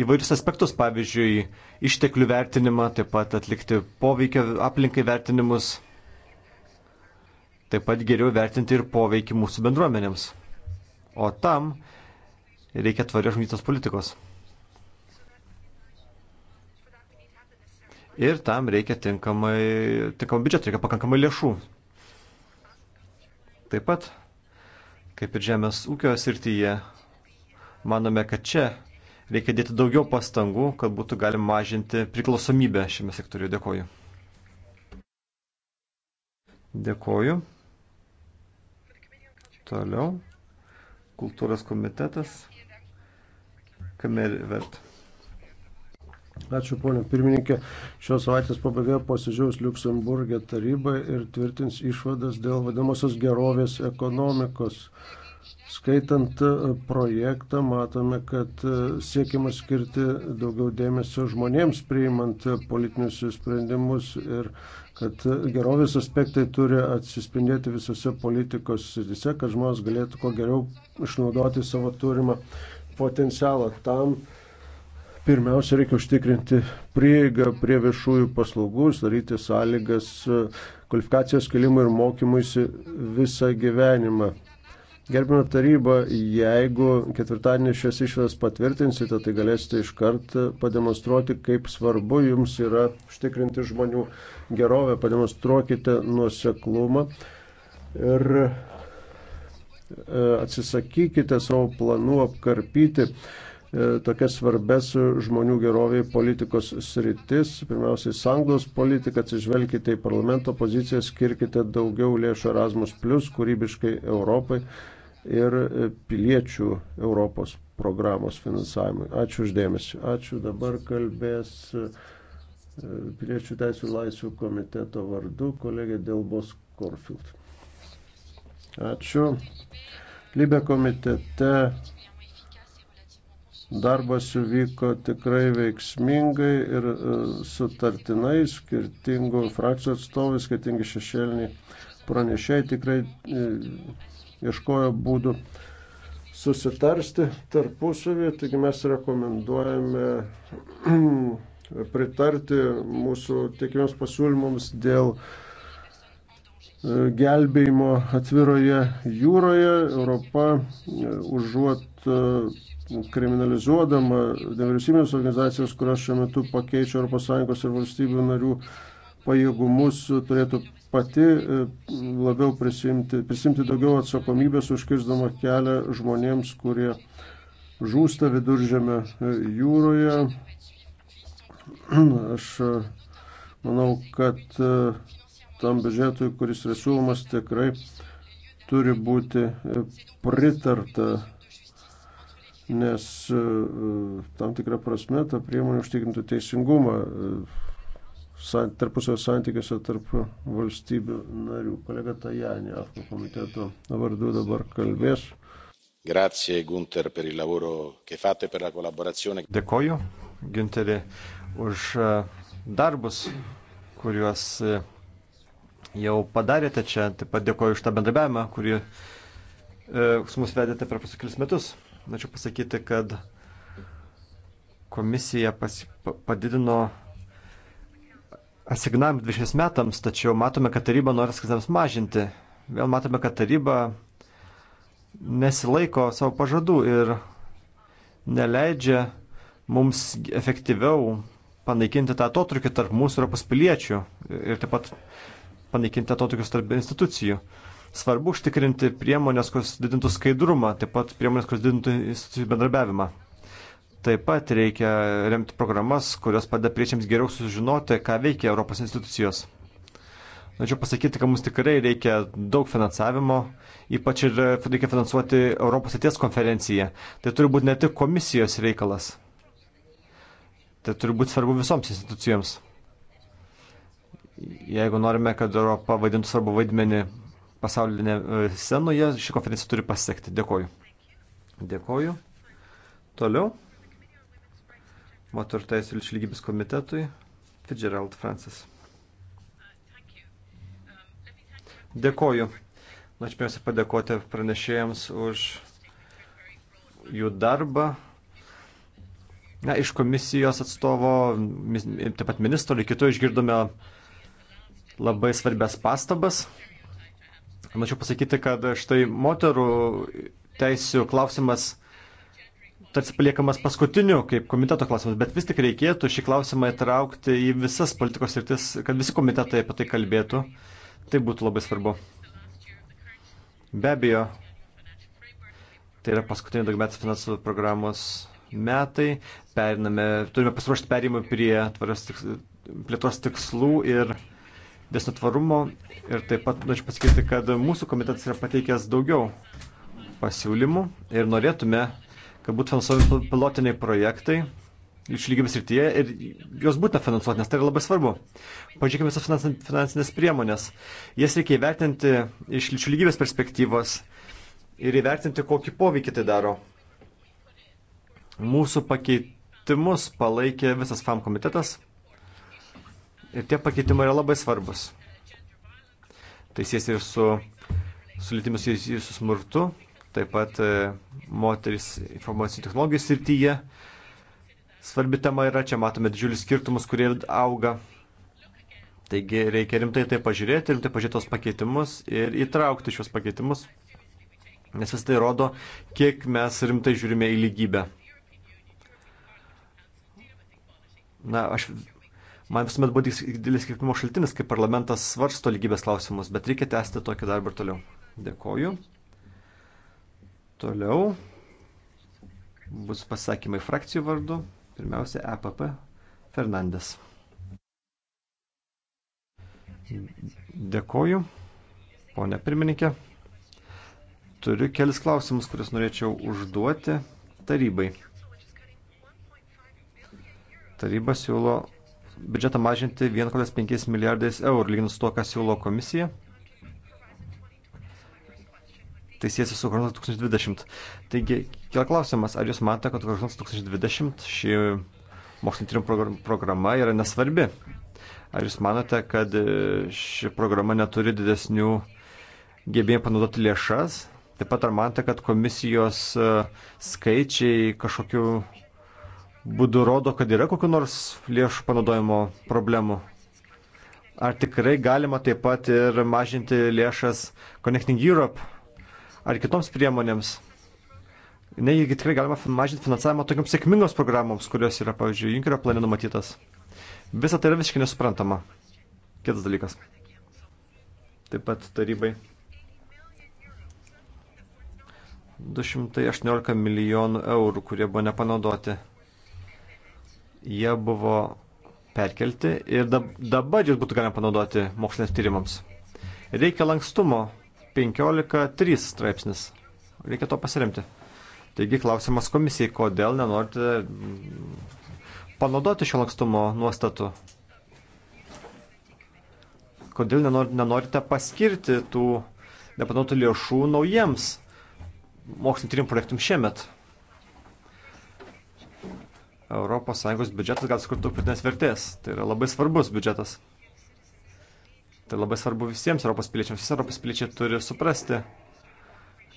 įvairius aspektus, pavyzdžiui, išteklių vertinimą, taip pat atlikti poveikio aplinkai vertinimus, taip pat geriau vertinti ir poveikį mūsų bendruomenėms. O tam reikia tvarios žmytos politikos. ir tam reikia tinkamai, tinkamai biudžetą, reikia pakankamai lėšų. Taip pat, kaip ir žemės ūkio srityje, manome, kad čia reikia dėti daugiau pastangų, kad būtų galima mažinti priklausomybę šiame sektoriu. Dėkoju. Dėkoju. Toliau. Kultūros komitetas. Kamerivert. Ačiū, ponė pirmininkė. Šios savaitės pabaigoje posėdžiaus Luxemburgė taryba ir tvirtins išvadas dėl vadinamosios gerovės ekonomikos. Skaitant e, projektą, matome, kad e, siekima skirti daugiau dėmesio žmonėms priimant e, politinius sprendimus ir kad gerovės aspektai turi atsispindėti visose politikos srityse, kad žmonės galėtų kuo geriau išnaudoti savo turimą potencialą tam, Pirmiausia, reikia užtikrinti prieigą prie viešųjų paslaugų, sudaryti sąlygas e, kvalifikacijos kelimui ir mokymuisi visą gyvenimą. Gerbimo taryba, jeigu ketvirtadienį šias išvadas patvirtinsite, tai galėsite iškart pademonstruoti, kaip svarbu jums yra užtikrinti žmonių gerovę, pademonstruokite nuoseklumą ir e, atsisakykite savo planų apkarpyti E, tokias svarbes žmonių geroviai politikos sritis. Pirmiausiai, sanglos politiką atsižvelkite į parlamento poziciją, skirkite daugiau lėšų Erasmus, kūrybiškai Europai ir e, piliečių Europos programos finansavimui. Ačiū uždėmesi. Ačiū. Dabar kalbės e, piliečių teisų laisvių komiteto vardu kolegė Delbos Korfield. Ačiū. Libe komitete Darbas vyko tikrai veiksmingai ir e, sutartinai skirtingų frakcijų atstovai, skirtingi šešėliniai pranešėjai tikrai e, ieškojo būdų susitarsti tarpusavį, taigi mes rekomenduojame pritarti mūsų tiekiams pasiūlymams dėl e, gelbėjimo atviroje jūroje. Europa užuot kriminalizuodama nevyriausybinės organizacijos, kurios šiuo metu pakeičia ES ir valstybių narių pajėgumus, turėtų pati e, labiau prisimti, prisimti daugiau atsakomybės, užkirzdama kelią žmonėms, kurie žūsta viduržėme e, jūroje. Aš e, manau, kad tam biudžetui, kuris yra siūlomas, tikrai turi būti pritarta nes e, tam tikrą prasme ta priemonė užtikrintų teisingumą e, tarpusio santykiuose tarp valstybių narių. Kolega Tajani, AFKO komiteto vardu dabar kalbės. Grazie Gunter per il lavoro che fate per la collaborazione. Dėkoju Gunterį už e, darbus, kuriuos jau padarėte čia. Taip pat dėkoju už tą bendrabiavimą, kurį e, su mus vedėte per pasakilis metus. Norėčiau pasakyti, kad komisija pas, padidino asignavimą 20 metams, tačiau matome, kad taryba nori asignavimams mažinti. Vėl matome, kad taryba nesilaiko savo pažadų ir neleidžia mums efektyviau panaikinti tą atotrukį tarp mūsų Europos piliečių ir taip pat panaikinti atotrukį tarp institucijų. Uh, Svarbu užtikrinti priemonės, kurios didintų skaidrumą, taip pat priemonės, kurios didintų institucijų bendrabiavimą. Taip pat reikia remti programas, kurios padeda priečiams geriau sužinoti, ką veikia Europos institucijos. Norėčiau pasakyti, kad mums tikrai reikia daug finansavimo, ypač ir reikia finansuoti Europos ateities konferenciją. Tai turi būti ne tik komisijos reikalas, tai turi būti svarbu visoms institucijoms. Jeigu norime, kad Europa vaidintų svarbu vaidmenį pasaulinė e, scenoje. Ši konferencija turi pasiekti. Dėkoju. Dėkoju. Toliau. Moterų teisų ir lygybės komitetui. Fitzgerald Francis. Dėkoju. Norėčiau pirmiausia padėkoti pranešėjams už jų darbą. Na, iš komisijos atstovo, taip pat ministro ir kitų išgirdome labai svarbias pastabas. Norėčiau pasakyti, kad štai moterų teisų klausimas tarsi paliekamas paskutiniu kaip komiteto klausimas, bet vis tik reikėtų šį klausimą įtraukti į visas politikos rytis, kad visi komitetai apie tai kalbėtų. Tai būtų labai svarbu. Be abejo, tai yra paskutinė daugmetės finansų programos metai. Periname, turime pasiruošti perimą prie tvaros tikslų, plėtos tikslų ir desnio tvarumo ir taip pat norėčiau pasakyti, kad mūsų komitetas yra pateikęs daugiau pasiūlymų ir norėtume, kad būtų finansuojami pilotiniai projektai išlygybės rytyje ir jos būtina finansuoti, nes tai yra labai svarbu. Pažiūrėkime visas finansinės priemonės. Jas reikia įvertinti iš lyčių lygybės perspektyvos ir įvertinti, kokį poveikį tai daro. Mūsų pakeitimus palaikė visas FAM komitetas Ir tie pakeitimai yra labai svarbus. Tai sės ir su, su lytimis susijusiu smurtu, taip pat e, moteris informacinių technologijų srityje. Svarbi tema yra, čia matome didžiulius skirtumus, kurie auga. Taigi reikia rimtai tai pažiūrėti, rimtai pažiūrėti tos pakeitimus ir įtraukti šios pakeitimus, nes vis tai rodo, kiek mes rimtai žiūrime į lygybę. Na, aš Man visuomet buvo didelis kirpimo šaltinis, kai parlamentas svarsto lygybės klausimus, bet reikia tęsti tokį darbą ir toliau. Dėkoju. Toliau bus pasakymai frakcijų vardu. Pirmiausia, EPP Fernandes. Dėkoju, ponė pirmininkė. Turiu kelis klausimus, kuriuos norėčiau užduoti tarybai. Taryba siūlo biudžetą mažinti 1,5 milijardais eurų, lyginant su to, ką siūlo komisija. Tai siejasi su Horizontas 2020. Taigi, kila klausimas, ar jūs matote, kad Horizontas 2020 ši mokslinio tyrimų programa yra nesvarbi? Ar jūs manote, kad e, ši programa neturi didesnių gebėjimų panaudoti lėšas? Taip pat ar manote, kad komisijos e, skaičiai kažkokiu būdu rodo, kad yra kokiu nors lėšų panaudojimo problemų. Ar tikrai galima taip pat ir mažinti lėšas Connecting Europe ar kitoms priemonėms? Negi tikrai galima mažinti finansavimą tokiams sėkmingos programoms, kurios yra, pavyzdžiui, Junkerio plane numatytas. Visą tai yra visiškai nesuprantama. Kitas dalykas. Taip pat tarybai. 218 milijonų eurų, kurie buvo nepanaudoti jie buvo perkelti ir dabar jis būtų galima panaudoti moksliniams tyrimams. Reikia lankstumo 15.3 straipsnis. Reikia to pasiremti. Taigi klausimas komisijai, kodėl nenorite mm, panaudoti šio lankstumo nuostatų? Kodėl nenorite paskirti tų nepanaudotų lėšų naujiems mokslinio tyrimų projektams šiemet? ES biudžetas gali skurti daug pridėtinės vertės. Tai yra labai svarbus biudžetas. Tai labai svarbu visiems Europos piliečiams. Visi Europos piliečiai turi suprasti,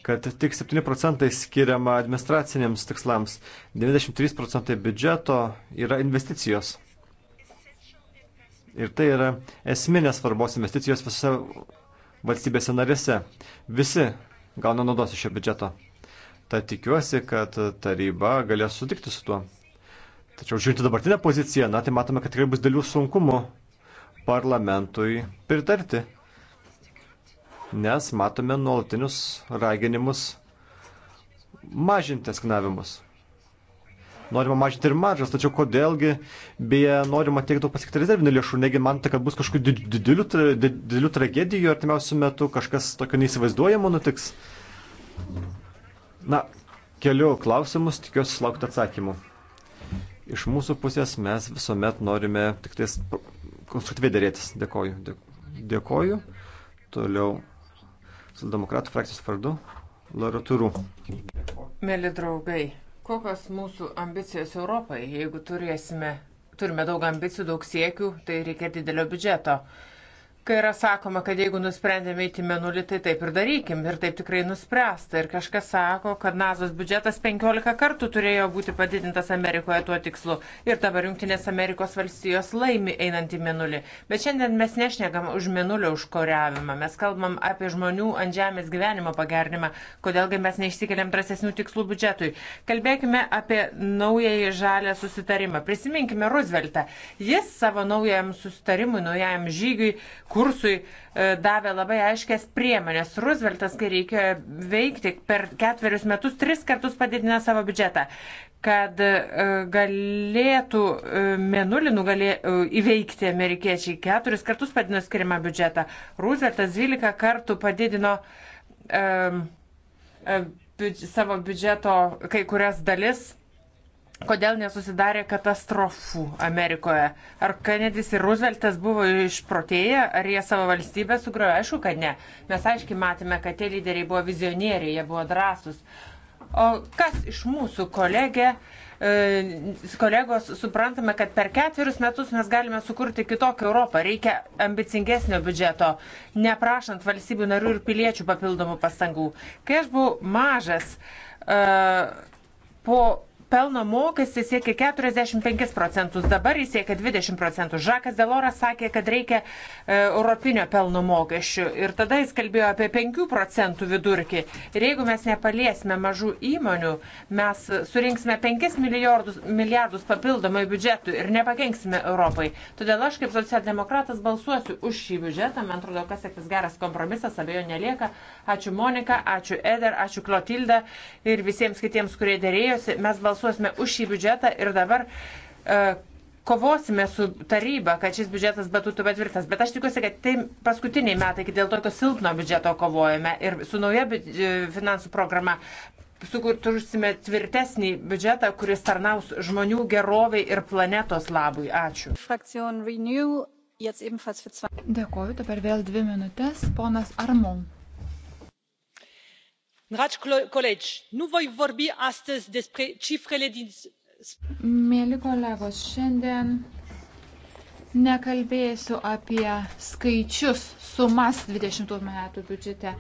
kad tik 7 procentai skiriama administraciniams tikslams, 93 procentai biudžeto yra investicijos. Ir tai yra esminės svarbos investicijos visose valstybėse narėse. Visi gauna naudos iš šio biudžeto. Tad tikiuosi, kad taryba galės sutikti su tuo. Tačiau žiūrint dabartinę poziciją, na, tai matome, kad tikrai bus dėlių sunkumų parlamentui pritarti, nes matome nuolatinius raginimus mažinti asknavimus. Norima mažinti ir mažas, tačiau kodėlgi, beje, norima tiek daug pasiekti rezervinių lėšų, negi man tai, kad bus kažkokių didelių, didelių tragedijų artimiausių metų, kažkas tokio neįsivaizduojamo nutiks. Na, keliu klausimus, tikiuosi sulaukti atsakymų. Iš mūsų pusės mes visuomet norime tik tais konstruktyviai dėrėtis. Dėkoju. Dėkoju. Toliau Saldemokratų frakcijos vardu Laro Turų. Mėly draugai, kokios mūsų ambicijos Europai, jeigu turėsime, turime daug ambicijų, daug siekių, tai reikia didelio biudžeto kai yra sakoma, kad jeigu nusprendėme eiti menulį, tai taip ir darykim. Ir taip tikrai nuspręsta. Ir kažkas sako, kad NASA's biudžetas 15 kartų turėjo būti padidintas Amerikoje tuo tikslu. Ir dabar Junktinės Amerikos valstijos laimi einant į menulį. Bet šiandien mes nešnekam už menulio užkoriavimą. Mes kalbam apie žmonių ant žemės gyvenimo pagernimą. Kodėlgi mes neišsikeliam drąsesnių tikslų biudžetui. Kalbėkime apie naująjį žalę susitarimą. Prisiminkime Rooseveltą. Jis savo naujajam susitarimui, naujajam žygiui, kursui e, davė labai aiškias priemonės. Rooseveltas, kai reikėjo veikti per ketverius metus, tris kartus padidino savo biudžetą, kad e, galėtų e, menulį nugalė, įveikti amerikiečiai. Keturis kartus padidino skirimą biudžetą. Rooseveltas 12 kartų padidino um, biudž savo biudžeto kai kurias dalis kodėl nesusidarė katastrofų Amerikoje. Ar Kanedis ir Rooseveltas buvo išprotėję, ar jie savo valstybę sugriovė? Aišku, kad ne. Mes aiškiai matėme, kad tie lyderiai buvo vizionieriai, jie buvo drąsūs. O kas iš mūsų kolegė, e, kolegos suprantame, kad per ketverius metus mes galime sukurti kitokią Europą. Reikia ambicingesnio biudžeto, neprašant valstybių narių ir piliečių papildomų pastangų. Kai aš buvau mažas, e, po pelno mokestis siekia 45 procentus, dabar jis siekia 20 procentų. Žakas Deloras sakė, kad reikia e, europinio pelno mokesčių ir tada jis kalbėjo apie 5 procentų vidurkį. Ir jeigu mes nepaliesime mažų įmonių, mes surinksime 5 milijardus, milijardus papildomai biudžetų ir nepakenksime Europai. Todėl aš kaip socialdemokratas balsuosiu už šį biudžetą, man atrodo, kas sėkis geras kompromisas, abejo nelieka. Ačiū Monika, ačiū Eder, ačiū Klotilda ir visiems kitiems, kurie dėrėjosi. Mes balsuosime balsuosime už šį biudžetą ir dabar e, kovosime su taryba, kad šis biudžetas būtų patvirtas. Bet aš tikiuosi, kad tai paskutiniai metai, kai dėl tokio silpno biudžeto kovojame ir su nauja e, finansų programa sukurtursime tvirtesnį biudžetą, kuris tarnaus žmonių geroviai ir planetos labui. Ačiū. Dėkoju, dabar vėl dvi minutės, ponas Armon dragi colegi nu voi vorbi astăzi despre cifrele din. mieli kolegos šiandien nekalbėsiu apie skaičius sumas dvidešimt metų biudžete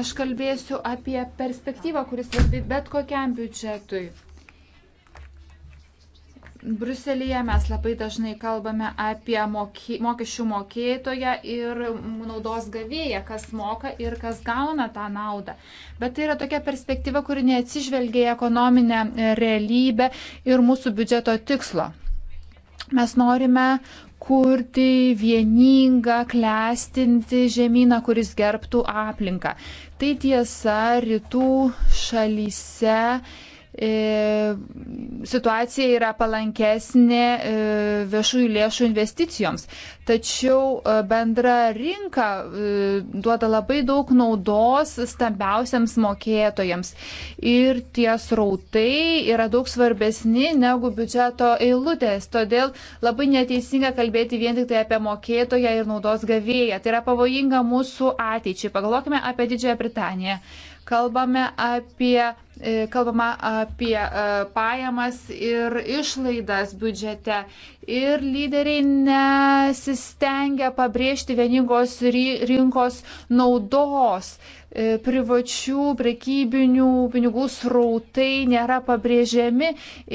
aš kalbėsiu apie perspektyvą kuri svarbi bet kokiam biudžetui. Bruselėje mes labai dažnai kalbame apie moky, mokesčių mokėtoją ir naudos gavėją, kas moka ir kas gauna tą naudą. Bet tai yra tokia perspektyva, kuri neatsižvelgia į ekonominę e, realybę ir mūsų biudžeto tikslo. Mes norime kurti vieningą, klestinti žemyną, kuris gerbtų aplinką. Tai tiesa, rytų šalyse E, situacija yra palankesnė e, viešųjų lėšų investicijoms. Tačiau e, bendra rinka duoda labai daug naudos stambiausiams mokėtojams. Ir tie srautai yra daug svarbesni negu biudžeto eilutės. Todėl labai neteisinga kalbėti vien tik tai apie mokėtoją ir naudos gavėją. Tai yra pavojinga mūsų ateičiai. Pagalvokime apie Didžiąją Britaniją. Kalbame apie, e, kalbama apie e, pajamas ir išlaidas biudžete. Ir lyderiai nesistengia pabrėžti vieningos rinkos naudos. E, privačių, prekybinių pinigų srautai nėra pabrėžiami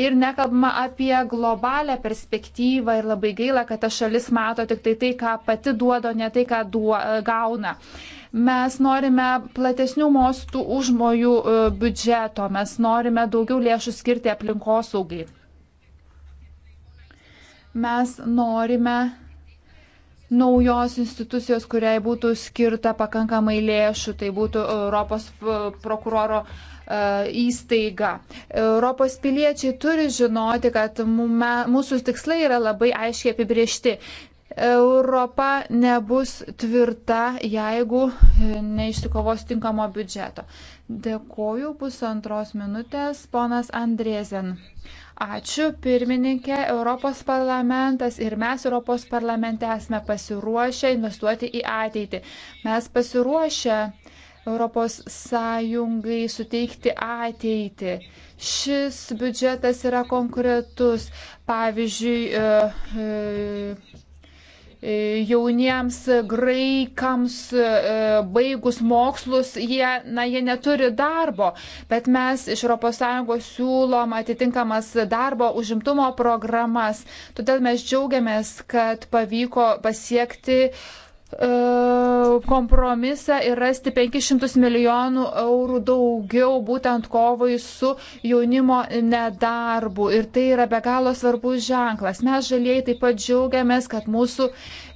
ir nekalbama apie globalę perspektyvą ir labai gaila, kad ta šalis mato tik tai tai, ką pati duoda, ne tai, ką duo, gauna. Uh, Mes norime platesnių mostų užmojų e, biudžeto, mes norime daugiau lėšų skirti aplinkosaugai. Mes norime naujos institucijos, kuriai būtų skirta pakankamai lėšų, tai būtų Europos prokuroro e, įstaiga. Europos piliečiai turi žinoti, kad mūsų tikslai yra labai aiškiai apibriežti. Europa nebus tvirta, jeigu e, neišsikovos tinkamo biudžeto. Dėkoju pusantros minutės, ponas Andrėzen. Ačiū, pirmininkė. Europos parlamentas ir mes Europos parlamente esame pasiruošę investuoti į ateitį. Mes pasiruošę Europos Sąjungai suteikti ateitį. Šis biudžetas yra konkretus. Pavyzdžiui, e, e, E, jauniems graikams e, baigus mokslus, jie, na, jie neturi darbo, bet mes iš ES siūlom atitinkamas darbo užimtumo programas. Todėl mes džiaugiamės, kad pavyko pasiekti uh, E, kompromisą ir rasti 500 milijonų eurų daugiau būtent kovai su jaunimo nedarbu. Ir tai yra be galo svarbus ženklas. Mes žaliai taip pat džiaugiamės, kad mūsų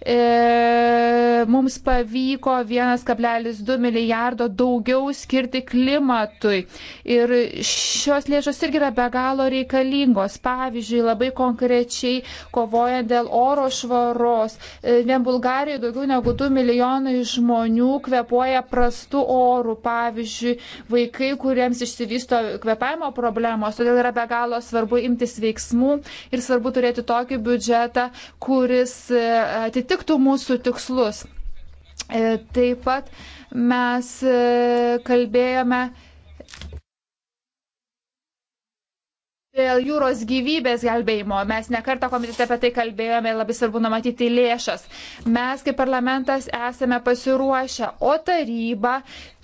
e, mums pavyko 1,2 milijardo daugiau skirti klimatui. Ir šios lėšos irgi yra be galo reikalingos. Pavyzdžiui, labai konkrečiai kovojant dėl oro švaros. Vien Bulgarijoje daugiau negu 2 milijonai žmonių kvepuoja prastų orų. Pavyzdžiui, vaikai, kuriems išsivysto kvepavimo problemos. Todėl yra be galo svarbu imtis veiksmų ir svarbu turėti tokį biudžetą, kuris e, atitinka atitiktų mūsų tikslus. E, taip pat mes e, kalbėjome dėl jūros gyvybės gelbėjimo. Mes nekartą komitete apie tai kalbėjome, labai svarbu numatyti lėšas. Mes kaip parlamentas esame pasiruošę, o taryba,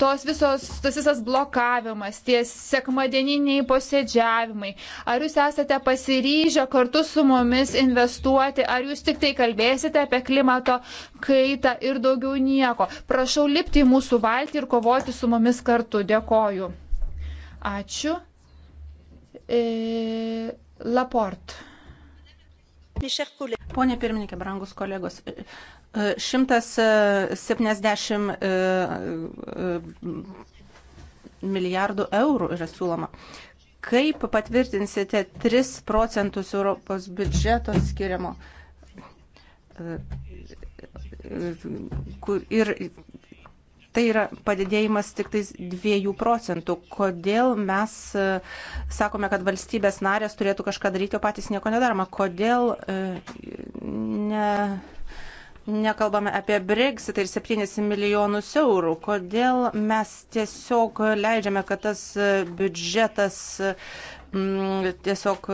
tos visos, tas visas blokavimas, tie sekmadieniniai posėdžiavimai. Ar jūs esate pasiryžę kartu su mumis investuoti, ar jūs tik tai kalbėsite apie klimato kaitą ir daugiau nieko. Prašau lipti į mūsų valtį ir kovoti su mumis kartu. Dėkoju. Ačiū. E, Laport. Pone pirmininkė, brangus kolegos, 170 e, e, milijardų eurų yra siūloma. Kaip patvirtinsite 3 procentus Europos biudžeto skiriamo? Kur, ir Tai yra padidėjimas tik tais 2 procentų. Kodėl mes e, sakome, kad valstybės narės turėtų kažką daryti, o patys nieko nedaroma? Kodėl e, ne, nekalbame apie Brexit ir 7 milijonus eurų? Kodėl mes tiesiog leidžiame, kad tas biudžetas m, tiesiog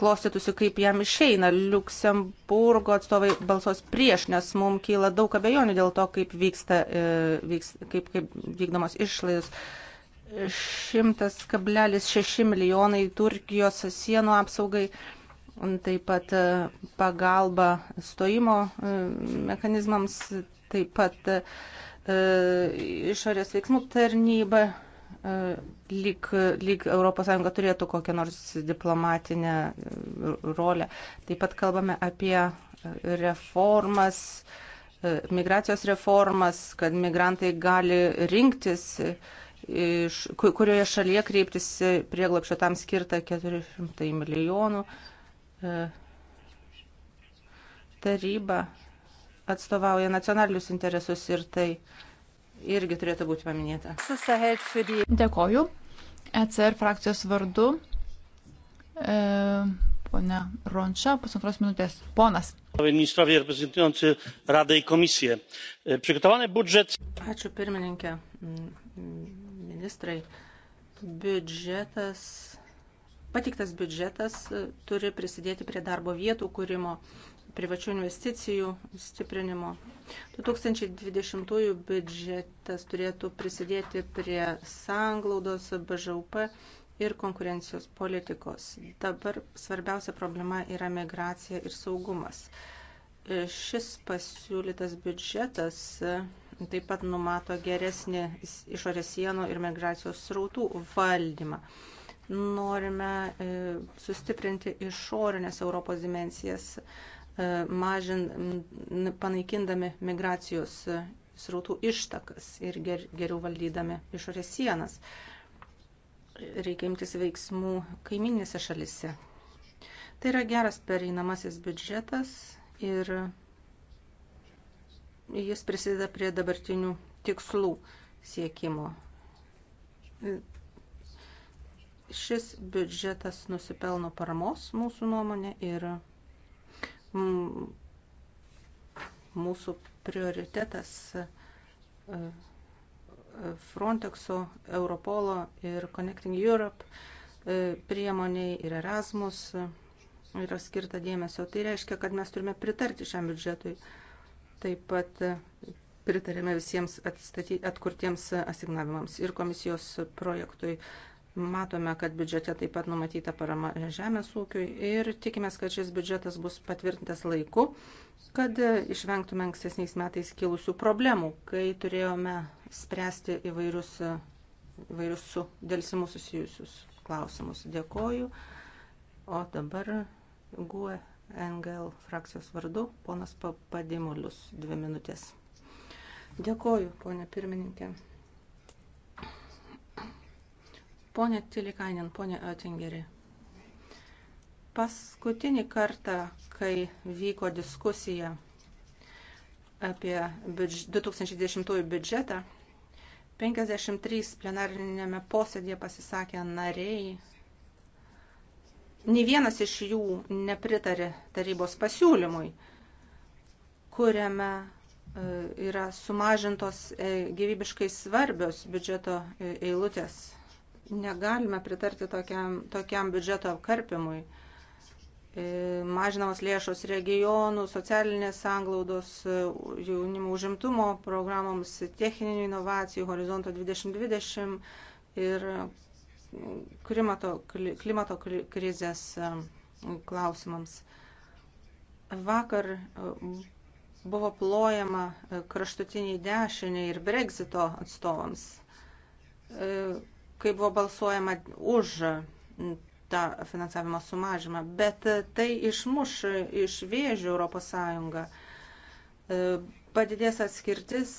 klostytųsi, kaip jam išeina. Luksemburgo atstovai balsos prieš, nes mums kyla daug abejonių dėl to, kaip, vyksta, e, vyks, kaip, kaip vykdomos išlaidos. 100,6 milijonai Turkijos sienų apsaugai, taip pat e, pagalba stojimo e, mechanizmams, taip pat išorės veiksmų tarnyba E, lyg, lyg ES turėtų kokią nors diplomatinę e, rolę. Taip pat kalbame apie reformas, e, migracijos reformas, kad migrantai gali rinktis, iš, kurioje šalyje kreiptis prieglapšio tam skirta 400 milijonų. Taryba atstovauja nacionalinius interesus ir tai uh, irgi turėtų būti paminėta. Dėkoju. ECR frakcijos vardu. E, ponia Ronča, pusantros minutės. Ponas. Ministrowie reprezentujący Radę i Komisję. E, przygotowany budżet. Ačiū pirmininkė, ministrai. Biudžetas, patiktas biudžetas e, turi prisidėti prie darbo vietų kūrimo privačių investicijų stiprinimo. 2020 biudžetas turėtų prisidėti prie sanglaudos BŽUP ir konkurencijos politikos. Dabar svarbiausia problema yra migracija ir saugumas. Šis pasiūlytas biudžetas taip pat numato geresnį išorės sienų ir migracijos srautų valdymą norime e, sustiprinti išorinės Europos dimensijas. E, mažin, panaikindami migracijos e, srautų ištakas ir ger, geriau valdydami išorės sienas. Reikia imtis veiksmų kaiminėse šalise. Tai yra geras pereinamasis biudžetas ir jis prisideda prie dabartinių tikslų siekimo. Šis biudžetas nusipelno paramos mūsų nuomonė ir Mm, mūsų prioritetas e, e, Frontexo, Europolo ir Connecting Europe e, priemoniai ir Erasmus yra skirta dėmesio. Tai reiškia, kad mes turime pritarti šiam biudžetui. Taip pat pritarėme visiems atstaty, atkurtiems asignavimams ir komisijos projektui Matome, kad biudžete taip pat numatyta parama žemės ūkiui ir tikimės, kad šis biudžetas bus patvirtintas laiku, kad išvengtume ankstesniais metais kilusių problemų, kai turėjome spręsti įvairius, įvairius su dėlsimu susijusius klausimus. Dėkoju. O dabar GUE NGL frakcijos vardu ponas Papadimulius dvi minutės. Dėkoju, ponė pirmininkė. Pone Tilikainin, pone Oettingeri. Paskutinį kartą, kai vyko diskusija apie 2010 biudžetą, 53 plenarinėme posėdėje pasisakė nariai. Nė vienas iš jų nepritarė tarybos pasiūlymui, kuriame e, yra sumažintos e, gyvybiškai svarbios biudžeto e, eilutės Negalime pritarti tokiam, tokiam biudžeto apkarpimui. E, mažinamos lėšos regionų, socialinės sanglaudos, e, jaunimo užimtumo programoms, techninių inovacijų, horizonto 2020 ir klimato, klimato krizės e, klausimams. Vakar buvo plojama kraštutiniai dešiniai ir Brexito atstovams kai buvo balsuojama už tą finansavimo sumažimą, bet tai išmuš iš vėžių ES. Padidės atskirtis